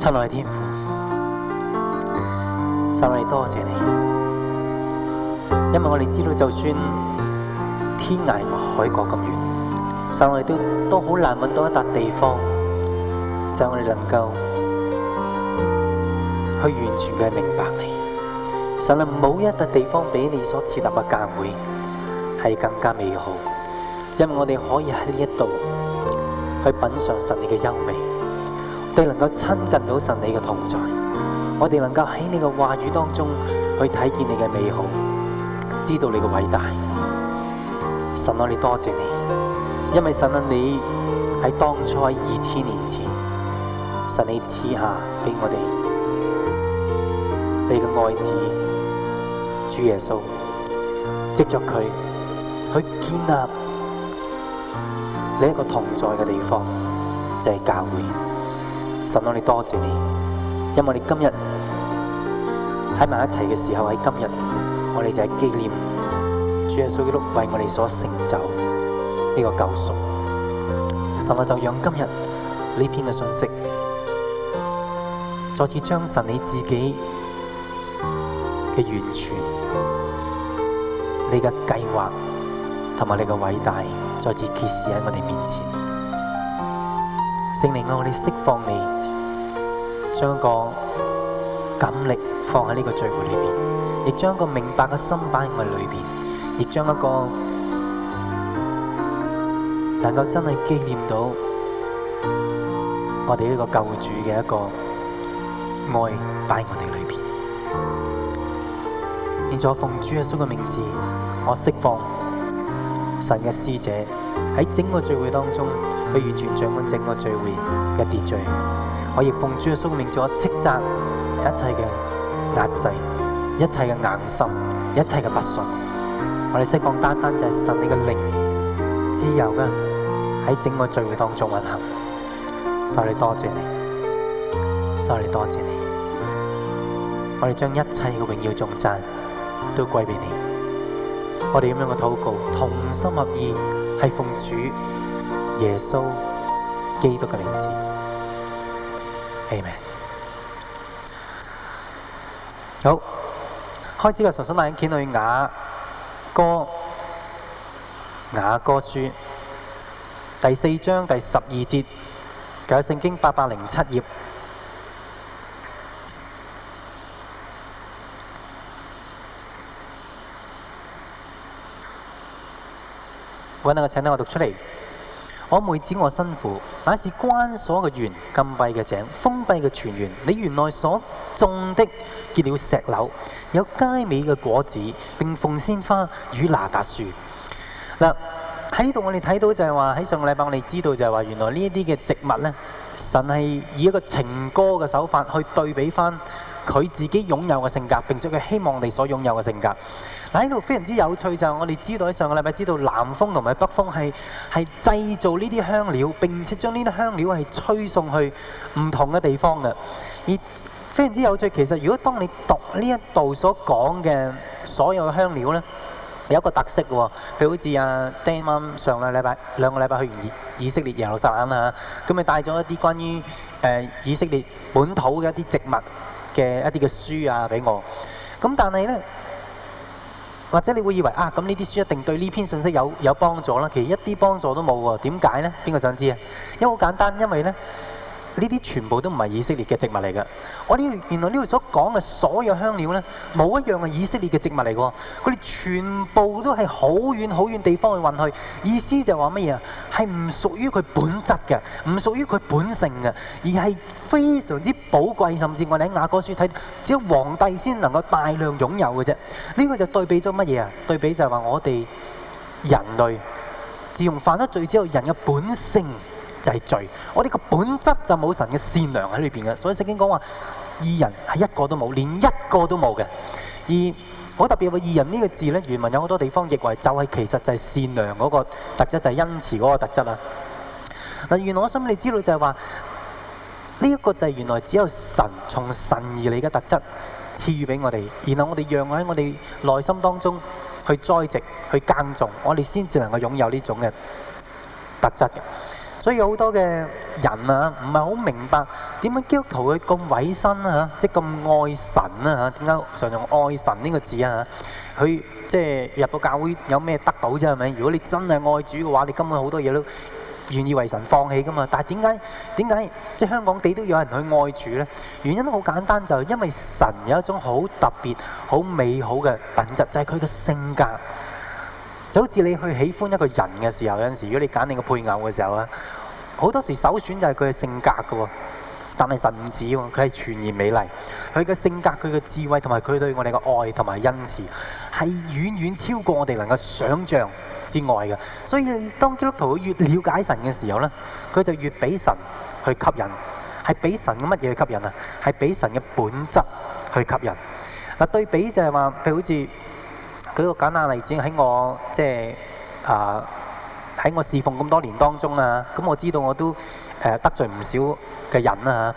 親愛嘅天父，神啊，多謝你，因為我哋知道就算天涯海角咁遠，神啊都都好難揾到一笪地方，就係我哋能夠去完全嘅明白你。神啊，冇一笪地方比你所設立嘅教會係更加美好，因為我哋可以喺呢一度去品嘗神你嘅優美。我哋能夠親近到神你嘅同在，我哋能夠喺你嘅話語當中去睇見你嘅美好，知道你嘅偉大。神啊，你多謝你，因為神啊，你喺當初二千年前，神你賜下俾我哋你嘅愛子主耶穌，藉著佢去建立你一個同在嘅地方，就係教會。神我哋多謝你，因為你今日喺埋一齊嘅時候，喺今日我哋就係紀念主耶穌基督為我哋所成就呢個救贖。神啊，我就讓今日呢篇嘅信息再次將神你自己嘅完全、你嘅計劃同埋你嘅偉大再次揭示喺我哋面前。聖靈啊，我哋釋放你。將一個感力放喺呢個聚會裏邊，亦將一個明白嘅心擺喺我裏邊，亦將一個能夠真係紀念到我哋呢個救主嘅一個愛擺喺我哋裏邊。現咗奉主耶穌嘅名字，我釋放神嘅使者喺整個聚會當中，佢完全掌管整個聚會嘅秩序。可以奉主嘅聖名，叫我斥責一切嘅壓制、一切嘅硬心、一切嘅不信。我哋釋放單單就係神你嘅靈自由嘅喺整個聚會當中運行。神你多謝你，神你多謝你。我哋將一切嘅榮耀頌讚都歸俾你。我哋咁樣嘅禱告，同心合意係奉主耶穌基督嘅名字。係咩好，開始嘅時候見到雅歌雅歌書第四章第十二節，九聖經八百零七頁。搵到個請我到今日請呢個讀出嚟。我妹子，我新婦，乃是關鎖嘅園、禁閉嘅井、封閉嘅泉源。你原來所種的結了石榴，有佳美嘅果子，並奉鮮花與拿達樹。嗱，喺呢度我哋睇到就係話，喺上個禮拜我哋知道就係話，原來呢一啲嘅植物呢，神係以一個情歌嘅手法去對比返佢自己擁有嘅性格，並且佢希望你所擁有嘅性格。喺度非常之有趣，就我哋知道喺上個禮拜知道南風同埋北風係係製造呢啲香料，並且將呢啲香料係吹送去唔同嘅地方嘅。而非常之有趣，其實如果當你讀呢一度所講嘅所有嘅香料呢，有一個特色嘅、哦，譬如好似阿 Damon 上兩個禮拜兩個禮拜去完以以色列耶路撒冷咁啊，咁你帶咗一啲關於誒以色列本土嘅一啲植物嘅一啲嘅書啊俾我。咁但係呢。或者你會以為啊，咁呢啲書一定對呢篇信息有有幫助啦，其實一啲幫助都冇喎。點解呢？邊個想知啊？因為好簡單，因為呢。呢啲全部都唔係以色列嘅植物嚟嘅，我哋原來呢度所講嘅所有香料呢，冇一樣係以色列嘅植物嚟㗎，佢哋全部都係好遠好遠地方去運去，意思就話乜嘢啊？係唔屬於佢本質嘅，唔屬於佢本性嘅，而係非常之寶貴，甚至我哋喺雅歌書睇，只有皇帝先能夠大量擁有嘅啫。呢個就對比咗乜嘢啊？對比就係話我哋人類自從犯咗罪之後，人嘅本性。就係罪，我哋個本質就冇神嘅善良喺裏邊嘅，所以聖經講話義人係一個都冇，連一個都冇嘅。而好特別喎，義人呢個字呢，原文有好多地方譯為就係其實就係善良嗰個特質，就係恩慈嗰個特質啊。嗱，原來我想你知道就係話呢一個就係原來只有神從神而嚟嘅特質，賜予俾我哋，然後我哋讓佢喺我哋內心當中去栽植、去耕種，我哋先至能夠擁有呢種嘅特質嘅。所以好多嘅人啊，唔係好明白點解基督徒佢咁委身啊，即係咁愛神啊嚇，點解常用愛神呢個字啊？佢即係入到教會有咩得到啫係咪？如果你真係愛主嘅話，你根本好多嘢都願意為神放棄噶嘛。但係點解點解即係香港地都有人去愛主咧？原因好簡單，就係因為神有一種好特別、好美好嘅品質，就係佢嘅性格。就好似你去喜歡一個人嘅時候，有陣時如果你揀你個配偶嘅時候咧，好多時首選就係佢嘅性格嘅喎。但係神唔止，佢係全然美麗，佢嘅性格、佢嘅智慧同埋佢對我哋嘅愛同埋恩慈，係遠遠超過我哋能夠想像之外啊！所以當基督徒越了解神嘅時候呢，佢就越俾神去吸引，係俾神嘅乜嘢去吸引啊？係俾神嘅本質去吸引。嗱，對比就係話，譬如好似。舉個簡單例子，喺我即係啊，喺我侍奉咁多年當中啊，咁我知道我都誒得罪唔少嘅人啊，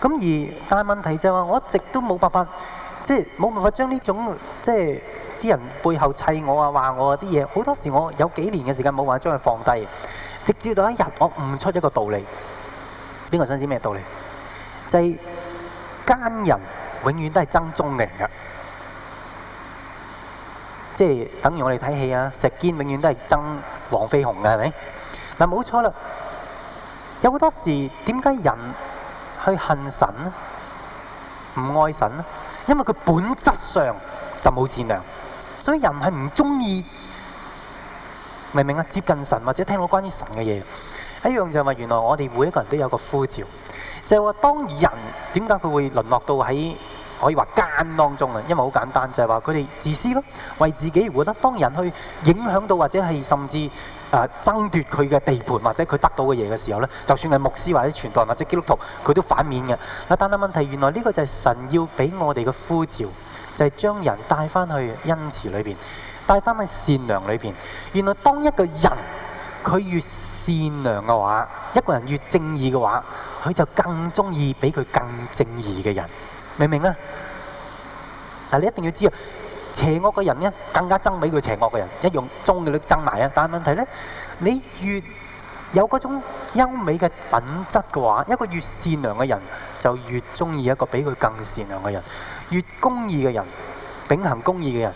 咁而但問題就係話我一直都冇辦法，即係冇辦法將呢種即係啲人背後砌我啊、話我啊啲嘢，好多時我有幾年嘅時間冇辦法將佢放低，直至到一日我悟出一個道理，邊個想知咩道理？就係奸人永遠都係憎忠人嘅。即係等於我哋睇戲啊！石堅永遠都係憎黃飛鴻嘅係咪？嗱，冇錯啦，有好多時點解人去恨神咧，唔愛神咧，因為佢本質上就冇善良，所以人係唔中意，明唔明啊？接近神或者聽到關於神嘅嘢，一樣就係話原來我哋每一個人都有個呼召，就係話當人點解佢會淪落到喺？可以話奸當中啊，因為好簡單，就係話佢哋自私咯，為自己活啦。當人去影響到或者係甚至啊、呃、爭奪佢嘅地盤或者佢得到嘅嘢嘅時候呢，就算係牧師或者傳道或者基督徒，佢都反面嘅。啊，但係問題原來呢個就係神要俾我哋嘅呼召，就係、是、將人帶翻去恩慈裏邊，帶翻去善良裏邊。原來當一個人佢越善良嘅話，一個人越正義嘅話，佢就更中意比佢更正義嘅人。明唔明啊？但係你一定要知啊，邪惡嘅人咧，更加憎俾佢邪惡嘅人，一樣中佢哋憎埋啊！但係問題咧，你越有嗰種優美嘅品質嘅話，一個越善良嘅人就越鍾意一個比佢更善良嘅人，越公義嘅人，秉行公義嘅人，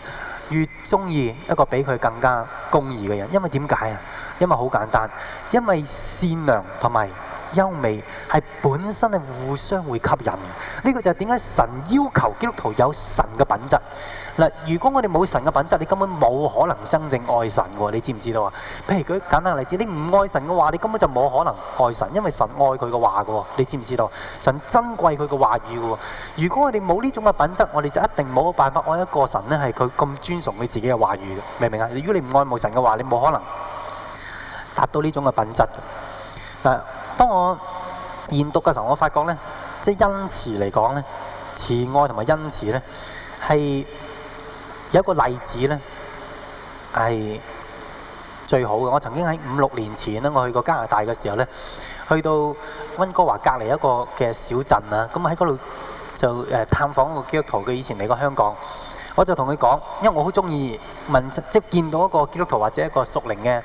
越鍾意一個比佢更加公義嘅人。因為點解啊？因為好簡單，因為善良同埋。優美係本身係互相會吸引嘅，呢個就係點解神要求基督徒有神嘅品質嗱。如果我哋冇神嘅品質，你根本冇可能真正愛神嘅喎。你知唔知道啊？譬如舉簡單例子，你唔愛神嘅話，你根本就冇可能愛神，因為神愛佢嘅話嘅喎。你知唔知道？神珍貴佢嘅話語嘅喎。如果我哋冇呢種嘅品質，我哋就一定冇辦法愛一個神咧，係佢咁尊崇佢自己嘅話語嘅，明唔明啊？如果你唔愛慕神嘅話，你冇可能達到呢種嘅品質嘅嗱。當我研讀嘅時候，我發覺呢，即係恩慈嚟講呢，慈愛同埋恩慈呢，係有一個例子呢，係最好嘅。我曾經喺五六年前呢，我去過加拿大嘅時候呢，去到温哥華隔離一個嘅小鎮啊，咁喺嗰度就誒探訪個基督徒，佢以前嚟過香港，我就同佢講，因為我好中意問，即係見到一個基督徒或者一個屬靈嘅。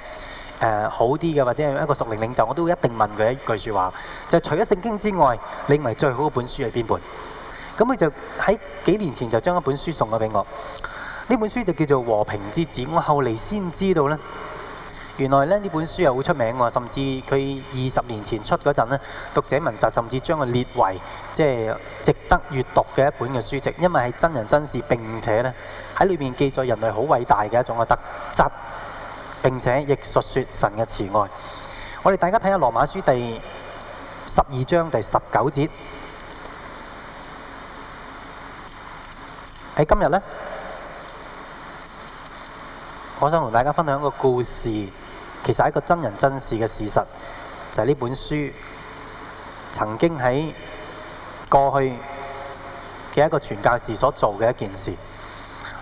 誒好啲嘅，或者係一個屬靈領袖，我都一定問佢一句説話，就係除咗聖經之外，你認為最好一本書係邊本？咁佢就喺幾年前就將一本書送咗俾我。呢本書就叫做《和平之子》。我後嚟先知道咧，原來咧呢本書又好出名喎，甚至佢二十年前出嗰陣咧，讀者文摘甚至將佢列為即係值得閱讀嘅一本嘅書籍，因為係真人真事，並且咧喺裏面記載人類好偉大嘅一種嘅特質。並且亦述説神嘅慈愛。我哋大家睇下《羅馬書》第十二章第十九節。喺今日咧，我想同大家分享一個故事，其實係一個真人真事嘅事實，就係呢本書曾經喺過去嘅一個傳教士所做嘅一件事。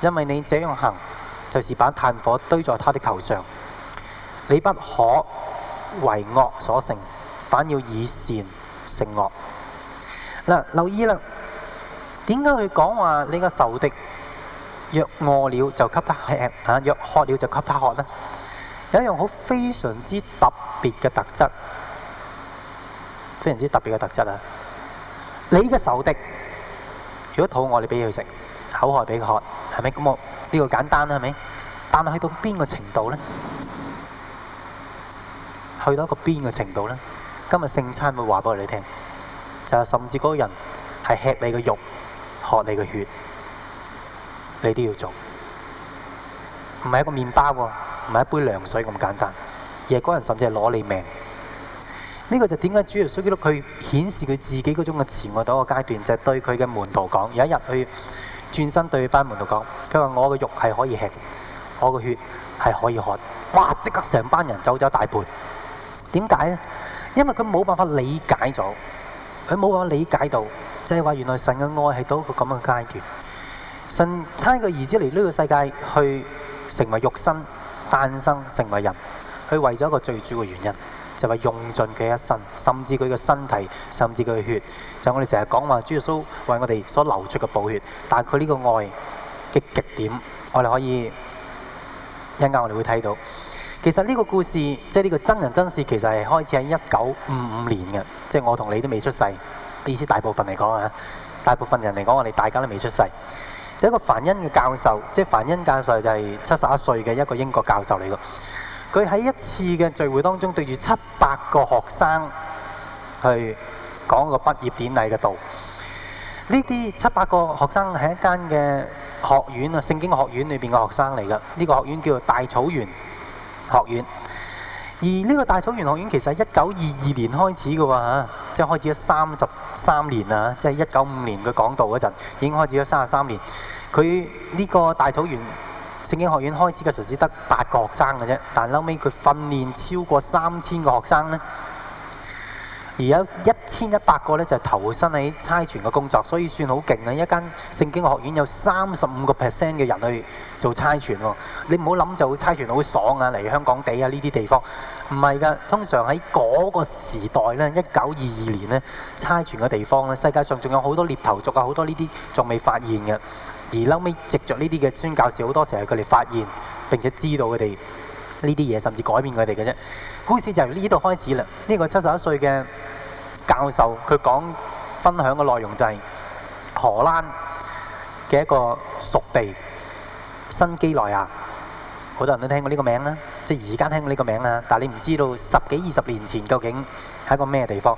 因為你這樣行，就是把炭火堆在他的頭上。你不可為惡所勝，反要以善勝惡。嗱，留意啦，點解佢講話你個仇敵，若餓了就給他吃，啊，若渴了就給他喝呢？有一樣好非常之特別嘅特質，非常之特別嘅特質啊！你嘅仇敵，如果肚餓，你畀佢食。口渴俾佢喝，係咪咁？我、這、呢個簡單啦，係咪？但係去到邊個程度呢？去到一個邊個程度呢？今日聖餐會話俾你哋聽，就係、是、甚至嗰個人係吃你嘅肉、喝你嘅血，你都要做，唔係一個麵包喎，唔係一杯涼水咁簡單。而係嗰人甚至係攞你命。呢、這個就點解主耶穌基督佢顯示佢自己嗰種嘅慈愛到一個階段，就係、是、對佢嘅門徒講：有一日佢。」轉身對班門徒講：佢話我嘅肉係可以吃，我嘅血係可以喝。哇！即刻成班人走咗大半。點解呢？因為佢冇辦法理解咗，佢冇辦法理解到，即係話原來神嘅愛係到一個咁嘅階段。神差個兒子嚟呢個世界，去成為肉身，誕生成為人，去為咗一個最主要嘅原因。就話、是、用盡佢一生，甚至佢嘅身體，甚至佢嘅血。就係、我哋成日講話，主耶穌為我哋所流出嘅寶血。但係佢呢個愛嘅極點，我哋可以一陣我哋會睇到。其實呢個故事，即係呢個真人真事，其實係開始喺一九五五年嘅，即係我同你都未出世。意思大部分嚟講啊，大部分人嚟講，我哋大家都未出世。就是、一個凡恩嘅教授，即係凡恩教授就係七十一歲嘅一個英國教授嚟㗎。佢喺一次嘅聚會當中，對住七百個學生去講個畢業典禮嘅道。呢啲七百個學生係一間嘅學院啊，聖經學院裏邊嘅學生嚟㗎。呢個學院叫做大草原學院。而呢個大草原學院其實係一九二二年開始嘅喎，即係開始咗三十三年啦，即係一九五年佢講道嗰陣已經開始咗三十三年。佢呢個大草原聖經學院開始嘅時候只得八個學生嘅啫，但係後尾佢訓練超過三千個學生呢，而有一千一百個呢就投身喺差傳嘅工作，所以算好勁嘅一間聖經學院，有三十五個 percent 嘅人去做差傳喎。你唔好諗就會差傳好爽啊，嚟香港地啊呢啲地方，唔係㗎。通常喺嗰個時代呢，一九二二年呢，差傳嘅地方呢，世界上仲有好多獵頭族啊，好多呢啲仲未發現嘅。而撈尾藉着呢啲嘅宣教士，好多時係佢哋發現並且知道佢哋呢啲嘢，甚至改變佢哋嘅啫。故事就由呢度開始啦。呢個七十一歲嘅教授，佢講分享嘅內容就係荷蘭嘅一個屬地新幾內亞。好多人都聽過呢個名啦，即係而家聽過呢個名啦，但係你唔知道十幾二十年前究竟係一個咩地方？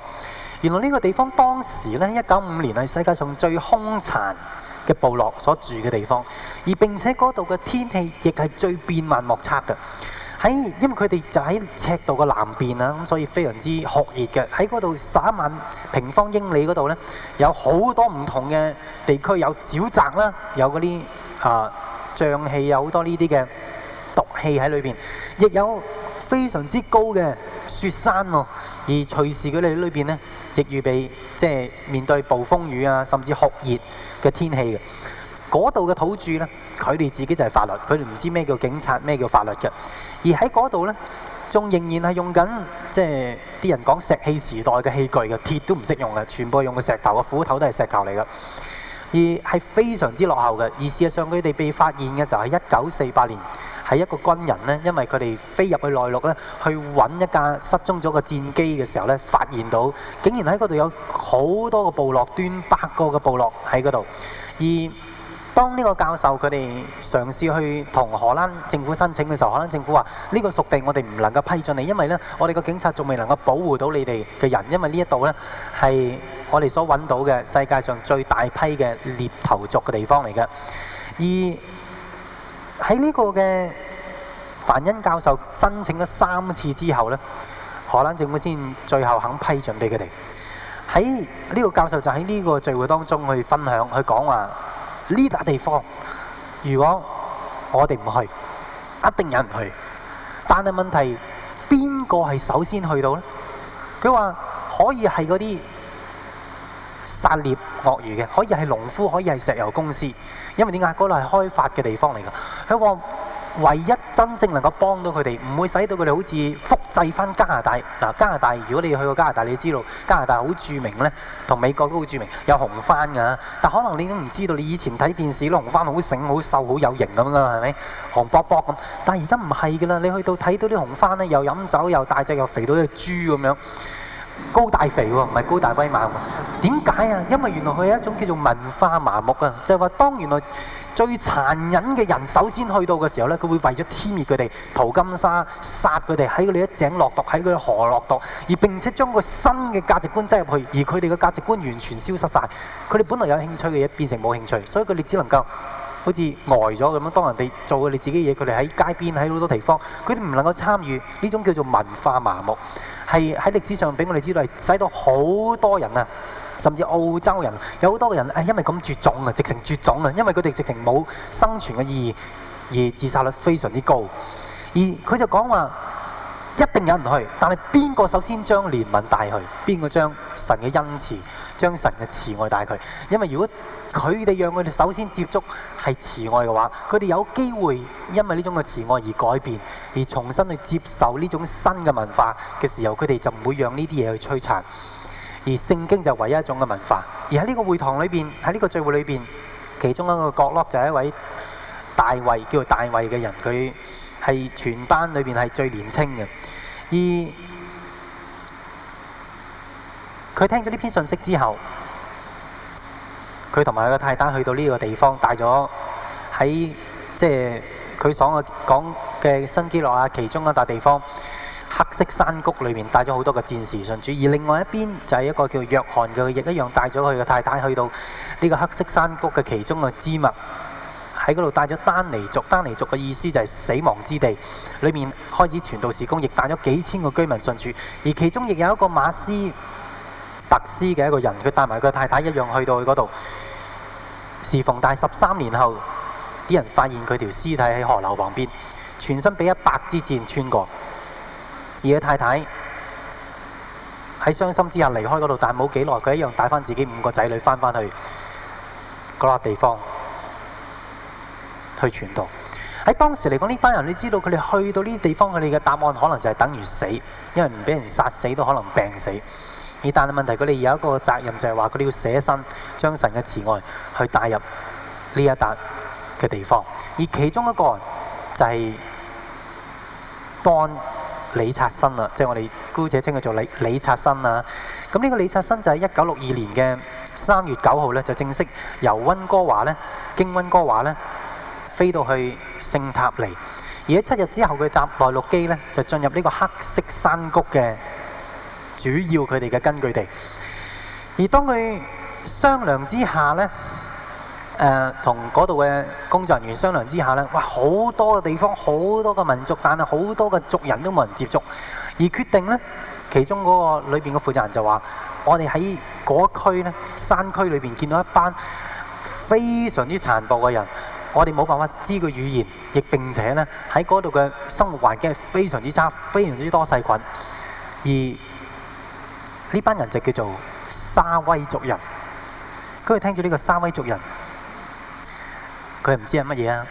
原來呢個地方當時咧，一九五年係世界上最兇殘嘅部落所住嘅地方，而並且嗰度嘅天氣亦係最變幻莫測嘅。喺因為佢哋就喺赤道嘅南邊啊，咁所以非常之酷熱嘅。喺嗰度十一萬平方英里嗰度咧，有好多唔同嘅地區，有沼澤啦，有嗰啲啊瘴氣，有好多呢啲嘅毒氣喺裏邊，亦有非常之高嘅雪山，而隨時佢哋裏邊咧，亦預備即係、就是、面對暴風雨啊，甚至酷熱嘅天氣嘅，嗰度嘅土著呢，佢哋自己就係法律，佢哋唔知咩叫警察，咩叫法律嘅。而喺嗰度呢，仲仍然係用緊，即係啲人講石器時代嘅器具嘅，鐵都唔識用嘅，全部用嘅石頭嘅斧頭都係石頭嚟嘅，而係非常之落後嘅。而事實上，佢哋被發現嘅時候係一九四八年。係一個軍人呢，因為佢哋飛入去內陸呢，去揾一架失蹤咗嘅戰機嘅時候呢，發現到竟然喺嗰度有好多個部落，端八個嘅部落喺嗰度。而當呢個教授佢哋嘗試去同荷蘭政府申請嘅時候，荷蘭政府話：呢、呢個屬地我哋唔能夠批准你，因為呢，我哋嘅警察仲未能夠保護到你哋嘅人，因為呢一度呢，係我哋所揾到嘅世界上最大批嘅獵頭族嘅地方嚟嘅。而喺呢個嘅凡恩教授申請咗三次之後呢，荷蘭政府先最後肯批准俾佢哋。喺呢個教授就喺呢個聚會當中去分享，佢講話呢笪地方，如果我哋唔去，一定有人去。但係問題邊個係首先去到呢？佢話可以係嗰啲殺獵鱷魚嘅，可以係農夫，可以係石油公司。因為點解嗰度係開發嘅地方嚟㗎？佢話唯一真正能夠幫到佢哋，唔會使到佢哋好似複製翻加拿大嗱。加拿大如果你去過加拿大，你知道加拿大好著名呢，同美國都好著名，有紅番㗎。但可能你都唔知道，你以前睇電視咯，紅番好醒、好瘦、好有型咁㗎嘛，係咪？紅卜卜咁，但係而家唔係㗎啦。你去到睇到啲紅番呢，又飲酒，又大隻，又肥到隻豬咁樣。高大肥喎，唔係高大威猛。點解啊？因為原來佢係一種叫做文化麻木啊！就係話，當原來最殘忍嘅人首先去到嘅時候呢，佢會為咗殲滅佢哋，淘金沙，殺佢哋，喺佢哋一井落毒，喺佢河落毒，而並且將個新嘅價值觀擠入去，而佢哋嘅價值觀完全消失晒。佢哋本來有興趣嘅嘢變成冇興趣，所以佢哋只能夠好似呆咗咁樣，當人哋做佢哋自己嘢。佢哋喺街邊，喺好多地方，佢哋唔能夠參與呢種叫做文化麻木。係喺歷史上俾我哋知道係使到好多人啊，甚至澳洲人有好多嘅人係因為咁絕種啊，直情絕種啊，因為佢哋直情冇生存嘅意義，而自殺率非常之高。而佢就講話一定有人去，但係邊個首先將憐憫帶去？邊個將神嘅恩慈、將神嘅慈愛帶去？因為如果佢哋讓佢哋首先接觸係慈愛嘅話，佢哋有機會因為呢種嘅慈愛而改變，而重新去接受呢種新嘅文化嘅時候，佢哋就唔會讓呢啲嘢去摧殘。而聖經就唯一一種嘅文化。而喺呢個會堂裏邊，喺呢個聚會裏邊，其中一個角落就係一位大衛，叫做大衛嘅人，佢係全班裏邊係最年青嘅。而佢聽咗呢篇信息之後。佢同埋佢個太太去到呢個地方，帶咗喺即係佢所講講嘅新基羅亞，其中一笪地方黑色山谷裏面帶咗好多個戰士信主。而另外一邊就係一個叫約翰嘅，亦一樣帶咗佢嘅太太去到呢個黑色山谷嘅其中個支物。喺嗰度帶咗丹尼族，丹尼族嘅意思就係死亡之地，裏面開始傳道事工，亦帶咗幾千個居民信主。而其中亦有一個馬斯特斯嘅一個人，佢帶埋佢嘅太太一樣去到去嗰度。事奉大十三年後，啲人發現佢條屍體喺河流旁邊，全身俾一百支箭穿過。而佢太太喺傷心之下離開嗰度，但冇幾耐，佢一樣帶翻自己五個仔女返返去嗰個地方去傳道。喺當時嚟講，呢班人你知道佢哋去到呢啲地方，佢哋嘅答案可能就係等於死，因為唔俾人殺死都可能病死。而但係問題，佢哋有一個責任，就係話佢哋要寫信，將神嘅慈愛去帶入呢一笪嘅地方。而其中一個就係當李察新啦，即係我哋姑且稱佢做李李察新啦。咁呢個李察新就喺一九六二年嘅三月九號呢就正式由溫哥華咧，經溫哥華呢飛到去聖塔尼。而喺七日之後，佢搭內陸機呢，就進入呢個黑色山谷嘅。主要佢哋嘅根據地，而當佢商量之下咧，誒同嗰度嘅工作人員商量之下咧，哇！好多嘅地方，好多嘅民族，但係好多嘅族人都冇人接觸，而決定咧，其中嗰個裏邊嘅負責人就話，我哋喺嗰區咧山區裏邊見到一班非常之殘暴嘅人，我哋冇辦法知佢語言，亦並且咧喺嗰度嘅生活環境係非常之差，非常之多細菌，而。呢班人就叫做沙威族人，咁佢聽咗呢個沙威族人，佢唔知係乜嘢啊？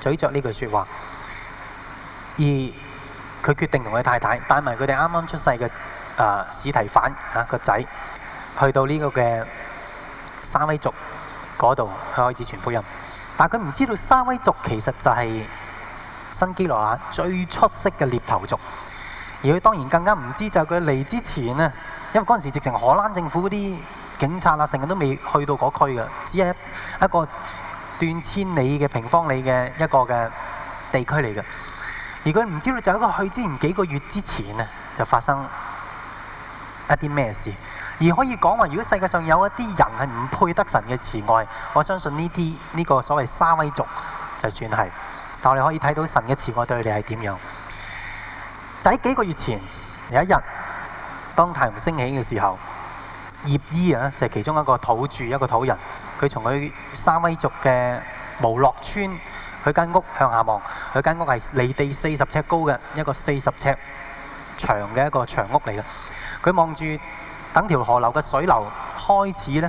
咀嚼呢句説話，而佢決定同佢太太帶埋佢哋啱啱出世嘅啊史提凡啊個仔，去到呢個嘅沙威族嗰度，佢開始傳福音。但係佢唔知道沙威族其實就係新幾內亞最出色嘅獵頭族，而佢當然更加唔知道就係佢嚟之前咧。因為嗰陣時，直情荷蘭政府嗰啲警察啊，成日都未去到嗰區嘅，只係一個斷千里嘅平方里嘅一個嘅地區嚟嘅。而佢唔知道，就喺個去之前幾個月之前呢，就發生一啲咩事。而可以講話，如果世界上有一啲人係唔配得神嘅慈愛，我相信呢啲呢個所謂沙威族就算係，但我哋可以睇到神嘅慈愛對你係點樣。就喺幾個月前有一日。當太陽升起嘅時候，葉伊啊，就係其中一個土著一個土人。佢從佢三威族嘅無落村，佢間屋向下望，佢間屋係離地四十尺高嘅一個四十尺長嘅一個長屋嚟嘅。佢望住等條河流嘅水流開始咧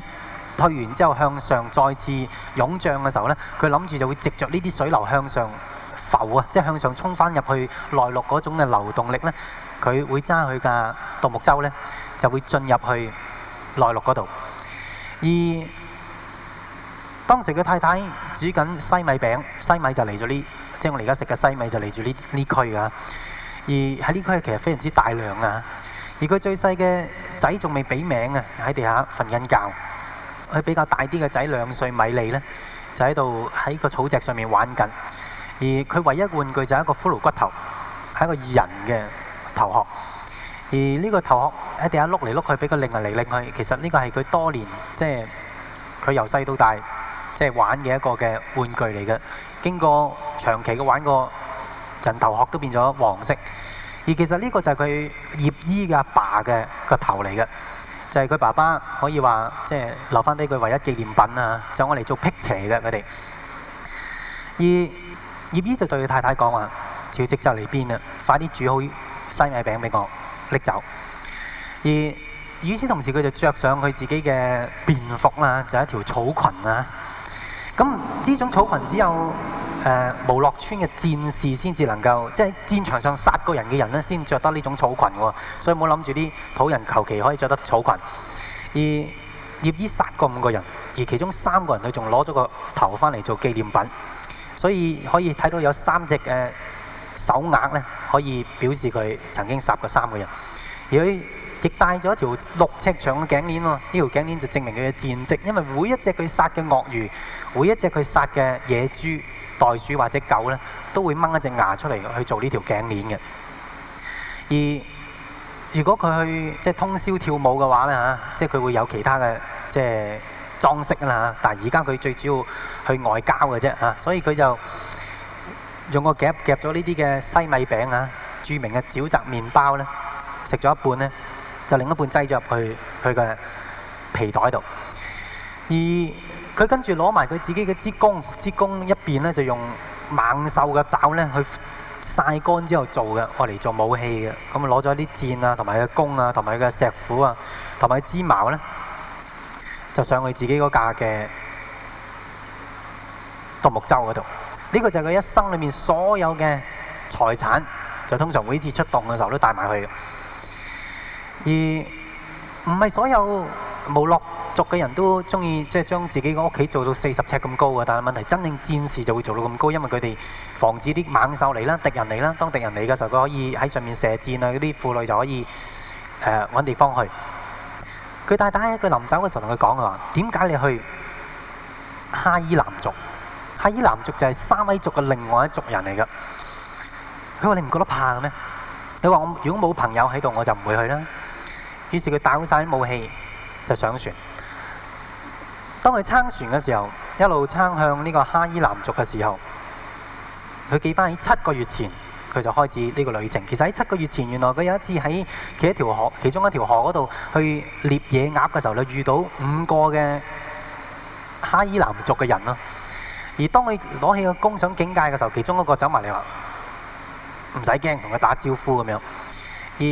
退完之後，向上再次湧漲嘅時候呢，佢諗住就會藉着呢啲水流向上浮啊，即係向上衝翻入去內陸嗰種嘅流動力呢。佢會揸佢嘅獨木舟呢，就會進入去內陸嗰度。而當時佢太太煮緊西米餅，西米就嚟咗呢，即係我哋而家食嘅西米就嚟住呢呢區啊。而喺呢區其實非常之大量啊。而佢最細嘅仔仲未俾名啊，喺地下瞓緊覺。佢比較大啲嘅仔兩歲米釐咧，就喺度喺個草席上面玩緊。而佢唯一玩具就係一個骷髏骨頭，係一個人嘅頭殼，而呢個頭殼一定喺地下碌嚟碌去，俾佢擰嚟擰去。其實呢個係佢多年，即係佢由細到大，即係玩嘅一個嘅玩具嚟嘅。經過長期嘅玩過人頭殼都變咗黃色。而其實呢個就係佢葉姨嘅阿爸嘅個頭嚟嘅，就係佢爸爸可以話即係留翻俾佢唯一紀念品啊！就我嚟做辟邪嘅佢哋。而葉姨就對佢太太講話：小侄就嚟邊啦，快啲煮好。西米餅俾我拎走，而與此同時，佢就着上佢自己嘅便服啦，就是、一條草裙啦。咁呢種草裙只有誒、呃、無樂村嘅戰士先至能夠，即、就、係、是、戰場上殺過人嘅人咧，先着得呢種草裙喎。所以冇諗住啲土人求其可以着得草裙。而葉衣殺過五個人，而其中三個人佢仲攞咗個頭返嚟做紀念品，所以可以睇到有三隻誒。呃手鐲咧可以表示佢曾經殺過三個人，而佢亦帶咗一條六尺長嘅頸鏈喎。呢條頸鏈就證明佢嘅戰績，因為每一隻佢殺嘅鱷魚，每一隻佢殺嘅野豬、袋鼠或者狗咧，都會掹一隻牙出嚟去做呢條頸鏈嘅。而如果佢去即係通宵跳舞嘅話咧嚇，即係佢會有其他嘅即係裝飾啦嚇。但係而家佢最主要去外交嘅啫嚇，所以佢就。用個夾夾咗呢啲嘅西米餅啊，著名嘅沼澤麵包呢，食咗一半呢，就另一半擠咗入去佢嘅皮袋度。而佢跟住攞埋佢自己嘅支弓、支弓一邊呢，就用猛獸嘅爪呢去曬乾之後做嘅，攞嚟做武器嘅。咁攞咗啲箭啊，同埋個弓啊，同埋個石斧啊，同埋枝矛呢，就上佢自己嗰架嘅獨木舟嗰度。呢個就係佢一生裏面所有嘅財產，就通常每次出動嘅時候都帶埋去。而唔係所有冇落族嘅人都中意，即係將自己個屋企做到四十尺咁高嘅。但係問題真正戰士就會做到咁高，因為佢哋防止啲猛獸嚟啦、敵人嚟啦。當敵人嚟嘅時候，佢可以喺上面射箭啊。嗰啲婦女就可以誒揾地方去。佢大大喺佢臨走嘅時候同佢講啊：點解你去哈伊南族？哈爾南族就係三位族嘅另外一族人嚟㗎。佢話：你唔覺得怕嘅咩？佢話：我如果冇朋友喺度，我就唔會去啦。於是佢帶好曬武器就上船。當佢撐船嘅時候，一路撐向呢個哈爾南族嘅時候，佢記翻喺七個月前，佢就開始呢個旅程。其實喺七個月前，原來佢有一次喺其一條河，其中一條河嗰度去獵野鴨嘅時候，就遇到五個嘅哈爾南族嘅人啦。而當佢攞起個工商警戒嘅時候，其中一個走埋嚟話：唔使驚，同佢打招呼咁樣。而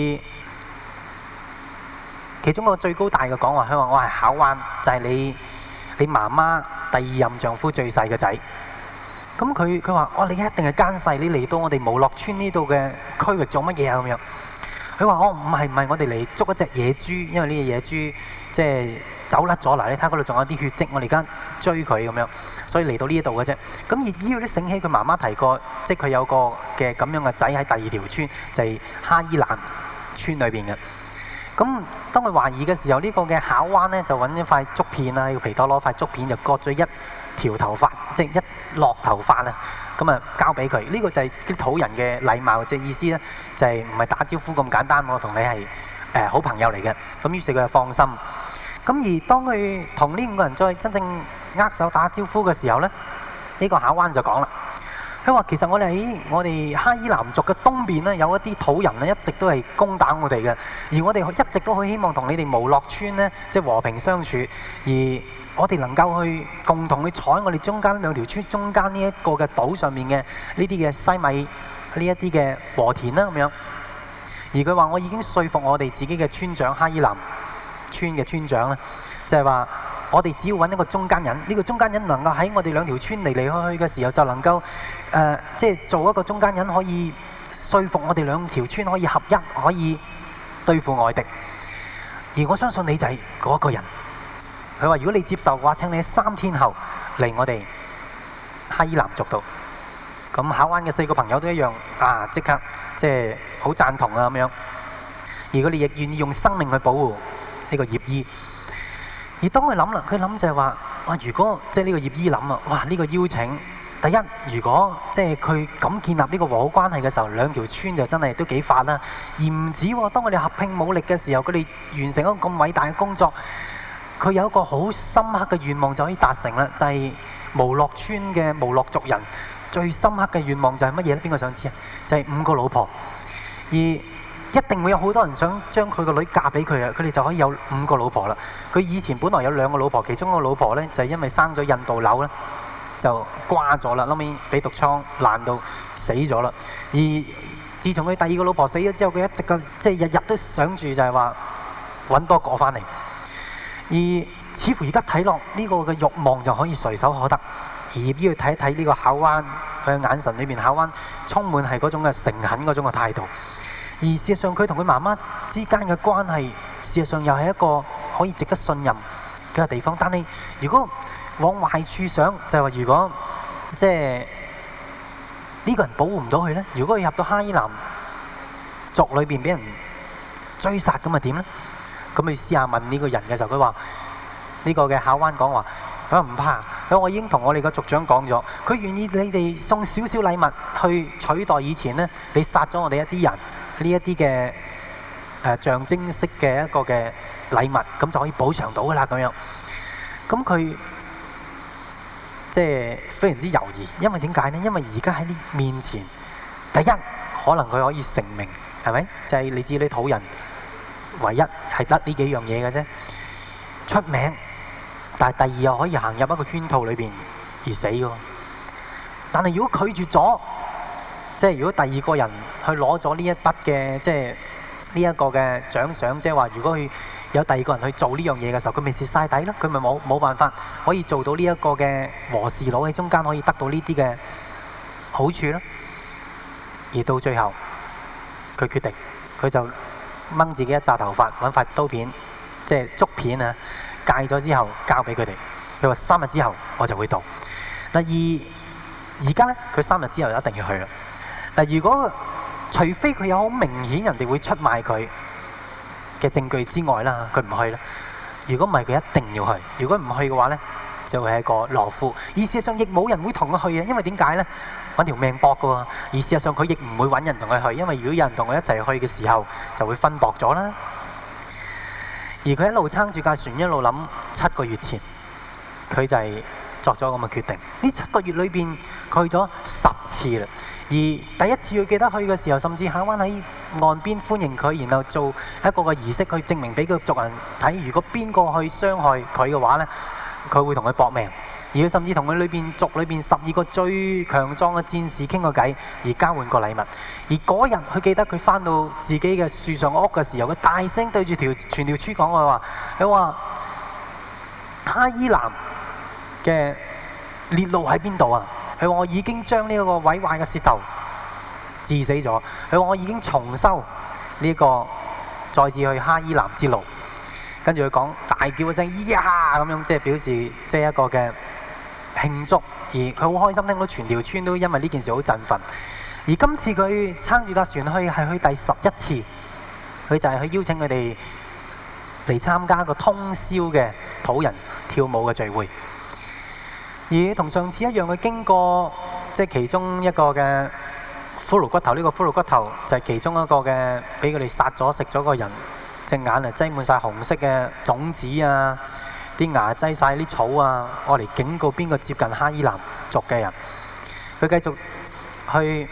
其中一個最高大嘅講話，佢話：我係考灣，就係、是、你你媽媽第二任丈夫最細嘅仔。咁佢佢話：哦，你一定係奸細，你嚟到我哋無樂村呢度嘅區域做乜嘢啊？咁樣佢話：哦，唔係唔係，我哋嚟捉一隻野豬，因為呢隻野豬即係走甩咗嚟，你睇下嗰度仲有啲血跡，我哋而家追佢咁樣。所以嚟到呢一度嘅啫。咁而依個都醒起，佢媽媽提過，即係佢有個嘅咁樣嘅仔喺第二條村，就係、是、哈伊蘭村裏邊嘅。咁當佢懷疑嘅時候，呢、這個嘅考灣呢，就揾一塊竹片啊，用皮多攞塊竹片就割咗一條頭髮，即係一落頭髮啊。咁啊交俾佢，呢、這個就係啲土人嘅禮貌，即係意思呢，就係唔係打招呼咁簡單。我同你係誒好朋友嚟嘅。咁於是佢就放心。咁而當佢同呢五個人再真正……握手打招呼嘅時候呢，呢個夏灣就講啦。佢話：其實我哋喺我哋哈爾南族嘅東邊呢，有一啲土人呢一直都係攻打我哋嘅。而我哋一直都好希望同你哋無樂村呢，即係和平相處。而我哋能夠去共同去採我哋中間兩條村中間呢一個嘅島上面嘅呢啲嘅西米呢一啲嘅和田啦咁樣。而佢話：我已經説服我哋自己嘅村長哈爾南村嘅村長呢，即係話。我哋只要揾一個中間人，呢、這個中間人能夠喺我哋兩條村嚟嚟去去嘅時候就夠、呃，就能夠即係做一個中間人，可以説服我哋兩條村可以合一，可以對付外敵。而我相信你就係嗰一個人。佢話：如果你接受嘅話，請你三天後嚟我哋哈爾濱族度。咁考灣嘅四個朋友都一樣，啊，即刻即係好贊同啊咁樣。而如果你亦願意用生命去保護呢個葉醫。而當佢諗啦，佢諗就係話、這個：哇！如果即係呢個葉姨諗啊，哇！呢個邀請，第一，如果即係佢咁建立呢個和好關係嘅時候，兩條村就真係都幾快啦。而唔止喎，當佢哋合併武力嘅時候，佢哋完成一個咁偉大嘅工作，佢有一個好深刻嘅願望就可以達成啦，就係、是、無樂村嘅無樂族人最深刻嘅願望就係乜嘢咧？邊個想知啊？就係、是、五個老婆。而一定會有好多人想將佢個女嫁俾佢嘅，佢哋就可以有五個老婆啦。佢以前本來有兩個老婆，其中一個老婆呢，就係、是、因為生咗印度瘤呢，就瓜咗啦，後面俾毒瘡爛到死咗啦。而自從佢第二個老婆死咗之後，佢一直個即係日日都想住就係話揾多個翻嚟。而似乎而家睇落呢個嘅慾望就可以隨手可得，而要睇一睇呢個考灣，佢嘅眼神裏面考灣充滿係嗰種嘅誠懇嗰種嘅態度。而事實上，佢同佢媽媽之間嘅關係，事實上又係一個可以值得信任嘅地方。但係，如果往壞處想，就係話，如果即係呢個人保護唔到佢呢？如果佢入到哈爾南族裏邊俾人追殺，咁咪點呢？咁你試下問呢個人嘅時候，佢話呢個嘅考灣講話，佢話唔怕，佢話我已經同我哋嘅族長講咗，佢願意你哋送少少禮物去取代以前呢，你殺咗我哋一啲人。呢一啲嘅誒象徵式嘅一個嘅禮物，咁就可以補償到㗎喇，咁樣。咁佢即係非常之猶豫，因為點解咧？因為而家喺你面前，第一可能佢可以成名，係咪？就係你知，你土人唯一係得呢幾樣嘢嘅啫。出名，但係第二又可以行入一個圈套裏邊而死喎。但係如果拒絕咗，即係如果第二個人去攞咗呢一筆嘅，即係呢一個嘅獎賞，即係話如果佢有第二個人去做呢樣嘢嘅時候，佢咪蝕晒底咯，佢咪冇冇辦法可以做到呢一個嘅和事佬，喺中間可以得到呢啲嘅好處咯。而到最後，佢決定佢就掹自己一紮頭髮，揾塊刀片，即係竹片啊，戒咗之後交俾佢哋。佢話三日之後我就會到。嗱，而而家咧，佢三日之後就一定要去啦。但如果除非佢有好明顯人哋會出賣佢嘅證據之外啦，佢唔去啦。如果唔係，佢一定要去。如果唔去嘅話呢，就會係一個懦夫。而事實上，亦冇人會同佢去啊，因為點解呢？揾條命搏㗎喎。而事實上，佢亦唔會揾人同佢去，因為如果有人同佢一齊去嘅時候，就會分薄咗啦。而佢一路撐住架船，一路諗七個月前，佢就係作咗咁嘅決定。呢七個月裏邊，佢去咗十次啦。而第一次佢記得去嘅時候，甚至行翻喺岸邊歡迎佢，然後做一個個儀式去證明俾個族人睇。如果邊個去傷害佢嘅話呢，佢會同佢搏命。而佢甚至同佢裏邊族裏邊十二個最強壯嘅戰士傾個偈，而交換個禮物。而嗰日佢記得佢翻到自己嘅樹上嘅屋嘅時候，佢大聲對住條全條村講佢話：佢話哈伊南嘅列路喺邊度啊！佢話：我已經將呢一個毀壞嘅舌頭治死咗。佢話：我已經重修呢個，再次去哈伊南之路。跟住佢講，大叫一聲，咿呀咁樣，即係表示即係一個嘅慶祝。而佢好開心聽到全條村都因為呢件事好振奮。而今次佢撐住架船去，係去第十一次。佢就係去邀請佢哋嚟參加一個通宵嘅土人跳舞嘅聚會。同上次一樣，佢經過即係其中一個嘅骷髏骨頭，呢、這個骷髏骨頭就係其中一個嘅，俾佢哋殺咗食咗個人，隻眼啊擠滿晒紅色嘅種子啊，啲牙擠晒啲草啊，我嚟警告邊個接近哈伊蘭族嘅人。佢繼續去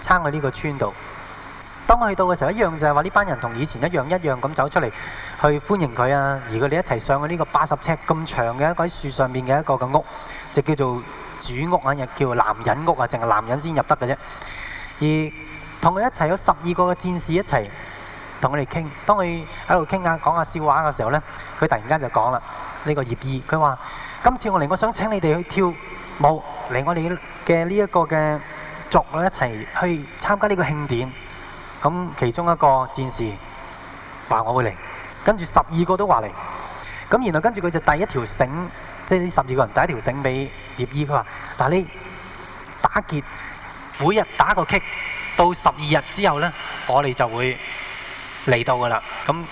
撐去呢個村度。當我去到嘅時候，一樣就係話呢班人同以前一樣一樣咁走出嚟去歡迎佢啊！而佢哋一齊上去呢個八十尺咁長嘅一個喺樹上面嘅一個嘅屋，就叫做主屋啊，又叫男人屋啊，淨係男人先入得嘅啫。而同佢一齊有十二個嘅戰士一齊同佢哋傾。當佢喺度傾下講下笑話嘅時候呢，佢突然間就講啦：呢個協議，佢話今次我嚟，我想請你哋去跳舞嚟我哋嘅呢一個嘅族咧一齊去參加呢個慶典。.咁其中一個戰士話：我會嚟。跟住十二個都話嚟。咁然後跟住佢就遞一條繩，即係呢十二個人遞一條繩俾葉姨，佢話：嗱，你打結，每日打個棘，到十二日之後呢，我哋就會嚟到㗎喇。咁